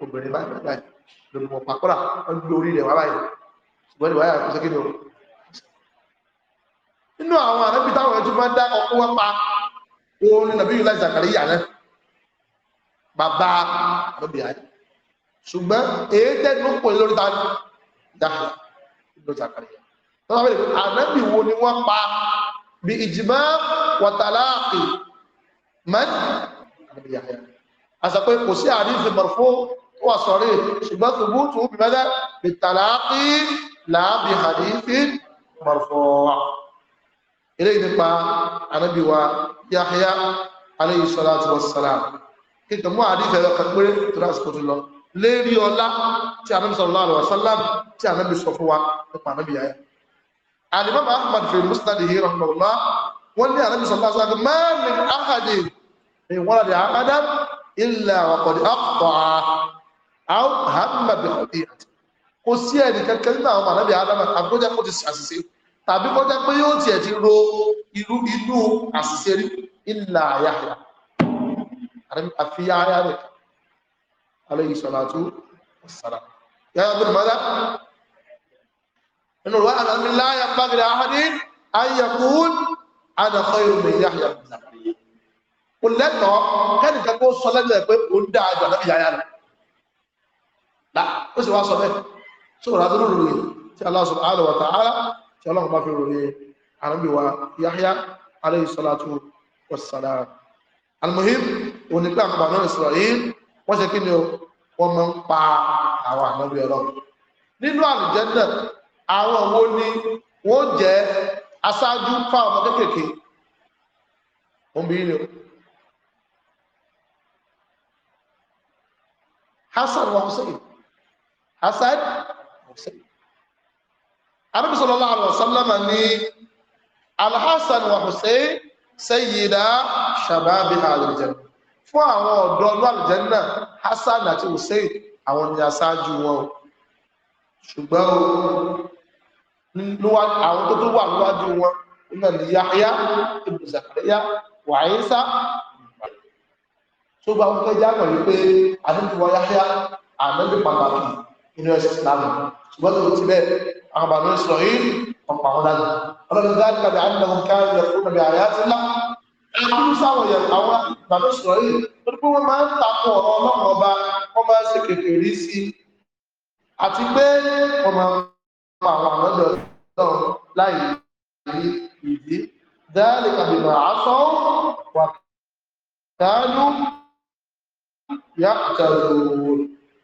obìnrin báyìí báyìí lórí wọn pàkúrà wọ́n gbé orí rẹ̀ wá báyìí ṣùgbọ́n ní wáyà kò sí kéde o. nínú àwọn àrẹ́bí táwọn ẹ̀jú máa ń dá ọkọ wọn pa òun ni nàbí yìí Zakariya rẹ bàbá àrẹ́bí ayé ṣùgbọ́n èyí tẹ́nu pọ̀ lórí ta ni dáhà ìlú Zakariya tọ́lá bẹ́ẹ̀ àrẹ́bí wo ni wọ́n pa bí ìjìmá wàtàláàkì mẹ́tì àrẹ́bí ayé rẹ àsàpé kò sí àdífì marfu tó wà sọ̀rí ṣùgbọ́n tó bú tún bìbẹ́dẹ́ bí tàlàáfí láàbí àdífì marfu ilé nípa anábíwa Yahya alayhi salatu wassalam kíkà mú àdífì ẹ̀rọ wọ́n ní anábí sallallahu alaihi wasallam ìwọ́n rẹ̀ ilà àkọ̀dé ọ̀pọ̀ àwọn hàmà bí ọ̀dí àti kò sí ẹni kẹ́kẹ́ nínú àwọn mànábì adama àbúkọ́jà kò ti àṣìṣe tàbí kọjá pé yóò tiẹ̀ ti ro irú inú àṣìṣe rí ilà àyàyà àfi yáyà rẹ̀ alayhi salatu wassalam yáyà bí mọ́lá nínú wa àlàmì láyà kò lẹ́tọ̀ọ́ kẹ́nìkan kó sọ lẹ́nu ẹ̀ pé ó ń dá àjọ àdábì yáyá rẹ̀ là ó sì wá sọ bẹ́ẹ̀ tó rà dúró rèé tí Allah subhanahu wa ta'ala tí ọlọ́run bá fi rèé àrùn bíi wa Yahya alayhi salatu wa salam almuhim òun ni pé àwọn bàbá Israel wọ́n ṣe kí ni wọ́n máa ń pa àwọn ànábì ọlọ́run nínú àlùjẹ́ndà àwọn wo ni wọ́n jẹ́ aṣáájú fáwọn ọmọ kéékèèké òun bí ní o Hassan wa Hussein Hassan Hussein Ànábì sallallahu alaihi wasallam ní Al-Hassan wa Hussein sayyida shababi al-jannah fún àwọn ọ̀dọ́ al-jannah Hassan àti Hussein àwọn ni aṣáájú wọn ṣùgbọ́n àwọn tó tó wà níwájú wọn náà ni Yahya ibn Zakariya tó gba ọkọ̀ ẹja mọ̀ wípé àdúgbò yáyá àmọ́bí pàtàkì inú ẹ̀sìn Islam ṣùgbọ́n tó ti bẹ́ẹ̀ àwọn bàbá ń sọ yìí ọ̀pọ̀ àwọn dájú ọlọ́run dájú kàbí àdínàkùn káàrin rẹ̀ fún ọ̀bẹ̀ àyà ti lá ẹkùn sáwọn yẹn àwọn bàbá ń sọ yìí tó dúpẹ́ wọn máa àti pé wọn àwọn àmọ́dọ̀ náà láì rí ìdí dáálì kàbí màá wà kánú yàtàrò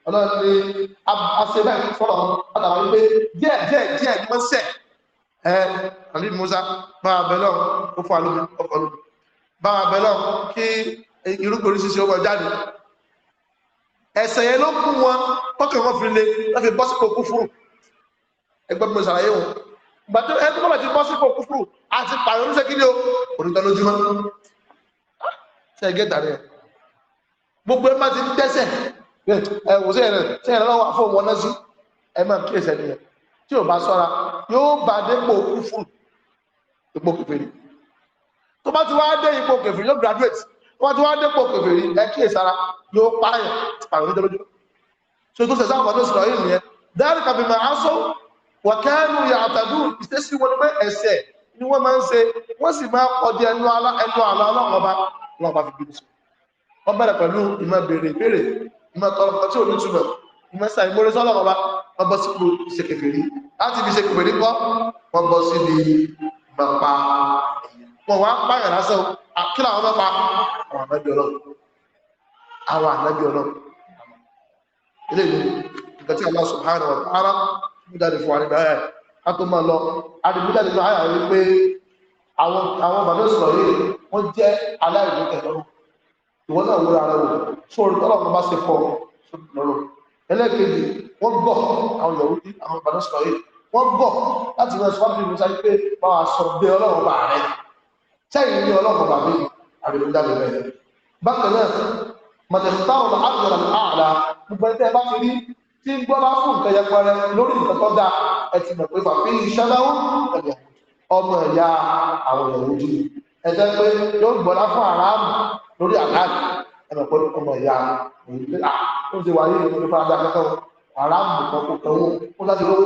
ọlọ́ni asebẹ̀ fọ́lọ̀ látara wípé díẹ̀ díẹ̀ díẹ̀ ni wọ́n sẹ̀ ẹ̀ àbí musa bá a bẹ̀lọ́ ó fún alómi ọkọlù bá a bẹ̀lọ́ kí irúgbìn oríṣiríṣi ó wọ jáde ẹ̀sẹ̀ yẹn ló kún wọn tọ́kẹ̀ wọn fi le láti bọ́ sípò kúfúrú ẹgbẹ́ mi ṣàlàyé wọn gbàtí ẹgbẹ́ mọ́lá ti bọ́ sípò kúfúrú àti pààrọ̀ oníṣẹ́ kí ni o onítọ́ lójúmọ́ ṣe é gé dàrí ẹ̀ gbogbo ẹ má ti dẹ́sẹ̀ ẹ wò sí ẹ̀rẹ̀ sí ẹ̀rẹ̀ lọ́wọ́ fún wọn náà sí ẹ máa kí ẹsẹ̀ nìyẹn tí ò bá sọ́ra yóò bá dépò kú fún ipò kèfèrí tó bá ti wá dé ipò kèfèrí yóò graduate tó bá ti wá dépò kèfèrí ẹ kí ẹsára yóò pààyàn pààyàn lójúlójú so tó sẹ̀sá àwọn ọdún sọ̀rọ̀ yìí nìyẹn dárí kàbí máa á sọ wàkẹ́nu yàtàdú ìṣesí wọn pé ẹsẹ̀ ni wọ́n máa ń ṣe wọ́n sì máa kọjá ẹnu àlá ọlọ́run ọba ọlọ́run ọba fi gbé ní sọ wọ́n bẹ̀rẹ̀ pẹ̀lú ìmọ̀ bèèrè ìbéèrè ìmọ̀ tọrọ tí ò ní túmọ̀ ìmọ̀ sáà ìmúre sọ́lọ̀ ọba wọ́n bọ́ sí ipò ìṣèkèfèrí láti ibi ìṣèkèfèrí kọ́ wọ́n bọ́ sí ibi ìgbàpá wọn wá pààyàn lásán kí làwọn bá pa àwọn ànábì ọlọ́run àwọn ànábì ọlọ́run ilé ìlú nǹkan tí Allah subhanahu wa ta'ala mú jáde fún wa nígbà ẹ̀ tó máa lọ àdìmú jáde lọ àyà wípé àwọn bàbá ìsọ̀rọ̀ yìí wọ́n jẹ́ aláìlú tẹ̀lọ́rùn ìwọ náà wúra rẹ wò tó orí tọ́lọ̀ ọmọ bá ṣe fọ lọ́rọ̀ ẹlẹ́ẹ̀kejì wọ́n gọ̀ àwọn Yahudi àwọn ìbàdàn sọ̀rọ̀ yìí wọ́n gọ̀ láti rẹ̀ sọ́wọ́n bíi musa pé bá wa sọ bẹ́ ọlọ́run bá rẹ̀ sẹ́yìn ní ọlọ́run bá mi àbẹ̀lú jáde rẹ̀ bákan náà mọ̀tẹ̀sítáwọn àgbẹ̀rẹ̀ ààlà gbogbo ẹgbẹ́ bá ti rí tí ń gbọ́lá fún nǹkan yẹpẹrẹ lórí nǹkan tó dáa ẹ ti mọ̀ pé fàfin iṣẹ́ náà ọmọ ẹ̀yà àwọn Yahudi ẹ̀jẹ̀ pé yóò gbọ́lá fún àràmù lórí àláàjì ẹnì pẹ̀lú ọmọ ìyá èyí pé à ó ti wà ní ìlú nípa ajá kẹkẹ o aráàmù kan kò tẹwọ ó láti lówó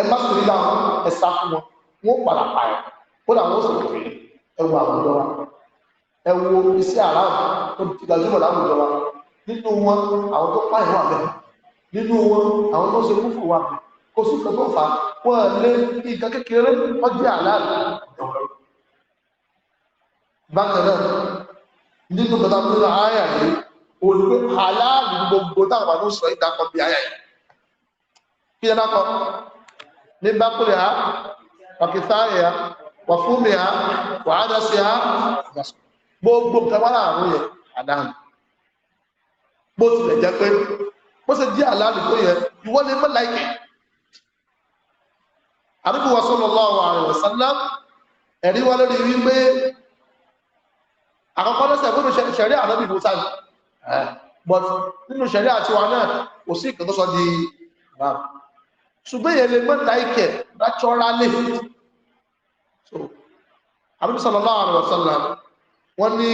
ẹ má sì rí láwọn ẹ sá fún wọn wọn ó padà pa ẹ kódà wọn ó sì kọfẹ ẹ wo àwùjọ wa ẹ wo iṣẹ́ aráàmù tó ti gbajúmọ̀ láwùjọ wa nínú wọn àwọn tó pààyàn wà bẹ́ẹ̀ nínú wọn àwọn tó ṣe kúfù wà bẹ́ẹ̀ kò sí kan tó fà wọn lé nǹkan kékeré wọn jẹ bákan náà nínú bàtà fún àyà yìí olùgbé aláàlú gbogbo táwọn àwọn sọ ìdákọ bí àyà yìí kí ẹ̀dá kọ ní bákùlẹ̀ ha pàkìtàrí ha wà fún mi ha wà ádá sí ha gbogbo kẹwàá àrùn yẹ àdáhùn bó tilẹ̀ jẹ́ pé bó ṣe jẹ́ aláàlú tó yẹ ìwọ lè mọ́ láìkẹ́ àdúgbò wa sallallahu alaihi wasallam ẹ̀rí wa lórí wípé àkọ́kọ́ lọ́sẹ̀ gbọ́dọ̀ ṣẹ̀rí ànábì Mùsá ni but nínú ṣẹ̀rí àti wa náà kò sí ìkẹ́ tó sọ di ram ṣùgbọ́n èyàn lè mọ́ta ìkẹ́ naturally so àbíbí sallallahu alaihi wasallam wọ́n ní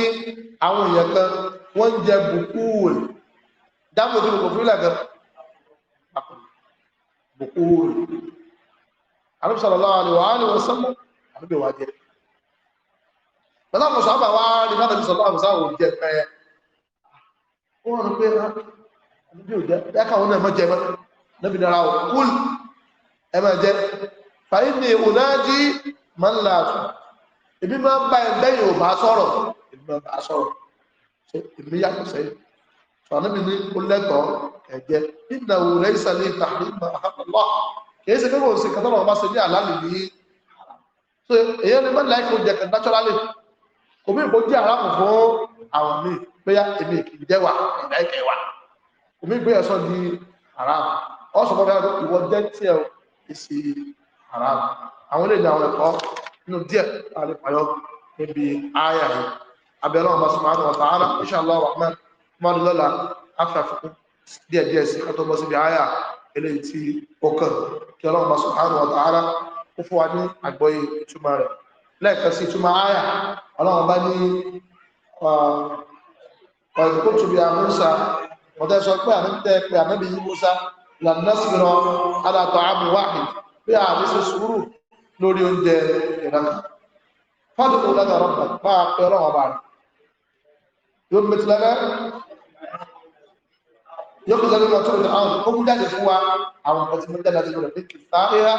àwọn èèyàn kan wọ́n jẹ bùkúùl dáàbò tó kò fúnlẹ̀ gan bùkúùl àbíbí sallallahu alaihi wasallam àbíbí wa jẹ́ bàtà àwọn sọ́ọ́bà wá rí bá tàbí sọ́ọ́bà àmúsá òun jẹ pẹ́ wọ́n rú pé àbíbí ò jẹ́ máa ni ònájí máa ń la àtù èmi máa ń bá ẹgbẹ́ yóò bá sọ̀rọ̀ èmi máa bá sọ̀rọ̀ èmi yàtọ̀ sẹ́yìn fàánàbí ní ó lẹ́tọ̀ọ́ ẹ̀jẹ̀ nínú òwúrẹ́ ìsàlẹ̀ ìtàkùn ìmọ̀ àkàtàlọ́ kìí ṣe pé so èyí ni mọ́ láìpẹ́ oúnjẹ kan kò mí kò jẹ́ aráàmù fún àwọn míì bóyá èmi kìí jẹ́ wà ìdá ìkẹ́ kò mí gbé ẹ̀sọ́ di aráàmù ọ̀sọ̀ fún ọ̀gá ìwọ jẹ́ tí ẹ̀ èsì aráàmù àwọn ilé ìdáwọn ẹ̀kọ́ nínú díẹ̀ alẹ́ pàyọ́ níbi ayà yìí abẹ́lẹ́ ọmọ subhanahu wa ta'ala inshallah rahman mọ́ni lọ́la afẹ́fẹ́ díẹ̀ díẹ̀ sí kátó bọ́ síbi ayà eléyìí tí ó kí ọlọ́run subhanahu wa ta'ala ó fún wa ní àgbọ́yé ìtumọ̀ rẹ̀ lẹ́ẹ̀kan sí túmọ̀ àyà ọlọ́run bá ní ọ̀rọ̀ kó tóbi àmúṣà ọ̀tẹ́ sọ pé àmúṣà pé àmúbi musa lànà sírọ alàtọ̀ àmúwáhì pé àmì sí sùúrù lórí oúnjẹ ìrànlọ́ fọ́dùkú lọ́dọ̀ rọ́pà máa pẹ́ ọlọ́run ọba rẹ̀ yóò mẹ́tìlẹ́gẹ́ yóò sọ lórí ọtọ́ ìdáhùn ó mú jáde fún wa àwọn ọ̀pọ̀ tí mo jáde láti lọ́rọ̀ ní kìtà ríra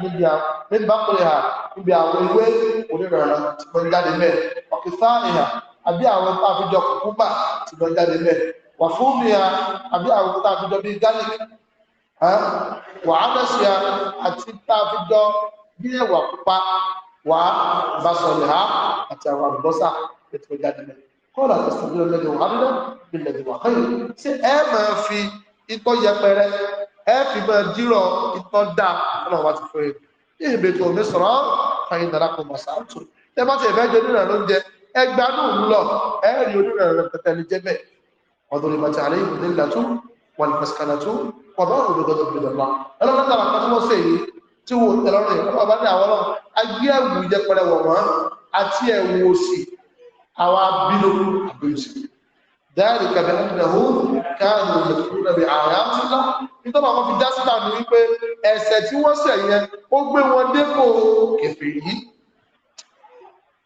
níbi àwọn nígbà pẹ̀lẹ́ ha níbi àwọn ewé onírànà tí mo jáde mẹ́ ọ̀kìtà ìhà àbí àwọn tá a fi jọ kùkúmbà tí mo jáde mẹ́ wà fún mi ha àbí àwọn tá a fi jọ bíi garlic wà á bẹ̀ sí ha àti tá bí ẹ̀wà pupa wà á àti àwọn àlùbọ́sà tí mo jáde mẹ́ kọ́lá tẹ̀sítọ́jú lẹ́nu àbúdá nílẹ̀ ìwà kẹ́yìn ṣé ẹ máa fi ìtọ́ yẹpẹrẹ ẹ fi máa dírọ̀ ìtọ́ dá ọlọ́wà ti fún yín ní ìbètò omi sọ̀rọ̀ fàyín dára kò mọ̀ sáàtù ẹ má ti ẹ̀fẹ́ jẹ onírànà lóúnjẹ ẹ gbanú lọ ẹ rí onírànà rẹ pẹtẹ ní jẹbẹ ọdún ní bàtà àlẹ ìwé nílà tó wà ní pẹsikànà tó wà bá òdo gbọdọ gbọdọ lọ ẹlọ́dún náà kan tí wọ́n sè yìí tí wọ́n ẹlọ́rin ẹlọ́dún bá ní àwọn náà agbé ẹ̀wù yẹpẹrẹ wọ̀ wọ́n àti ẹ̀wù òsì àwa bí lórí àbúyọsí dáàrí kàbí ẹ̀dẹ̀hó káàrù ìyẹ̀kúrú rẹ̀ ààrẹ àtúlá nítorí àwọn fi dásítà ní wípé ẹ̀ṣẹ̀ tí wọ́n ṣẹ̀ yẹn ó gbé wọn dépò kẹfẹ́ yìí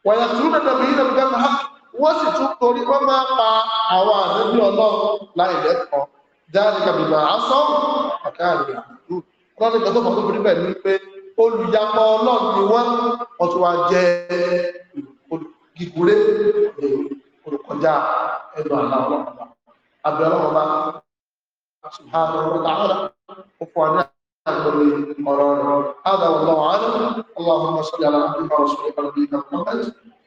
wọ̀nyẹ̀kúrú rẹ̀ tẹ̀lé yìí lẹ́gbẹ̀ẹ́ máa wọ́n sì tún torí wọ́n máa pa àwọn àdébí ọlọ́run láì lẹ́kọ̀ọ́ dáàrí kàbí màásọ́ àkáàrù ìyẹ̀kúrú ọlọ́run kan tó gigule de kurukoja edo ala ala ala abdi ala ala subhanahu wa ta'ala ufwana abdi moror ada ala ala allahumma salli ala abdi wa rasulih ala abdi wa muhammad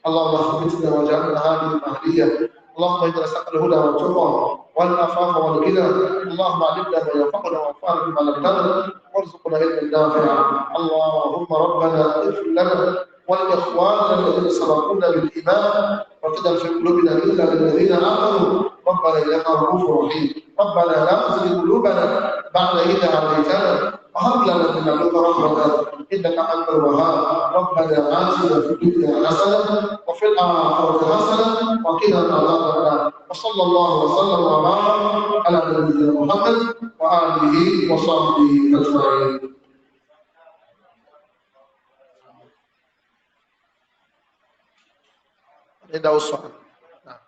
allahumma khumit wa wajah ala ala ala ala اللهم إذا رزقت الهدى والتقى والنفاق والغنى اللهم علمنا ما ينفقنا وانفعنا بما لم ندر وارزقنا علما نافعا اللهم ربنا اغفر والإخوان الذين سبقونا بالإيمان وقد في قلوبنا إلا للذين آمنوا ربنا إنك رؤوف رحيم ربنا لا تزغ قلوبنا بعد إذا هديتنا وهب لنا من لدنك رحمة إنك أنت الوهاب ربنا آتنا في الدنيا حسنة وفي الآخرة حسنة وقنا عذاب النار وصلى الله وسلم وبارك على نبينا محمد وآله وصحبه أجمعين Ainda o som. Tá.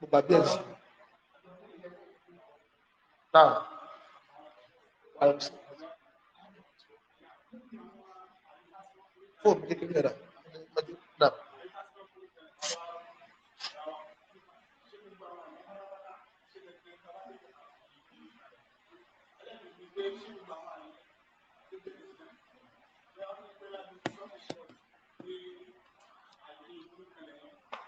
O babês. Não. Tá. Pô, me que melhorar.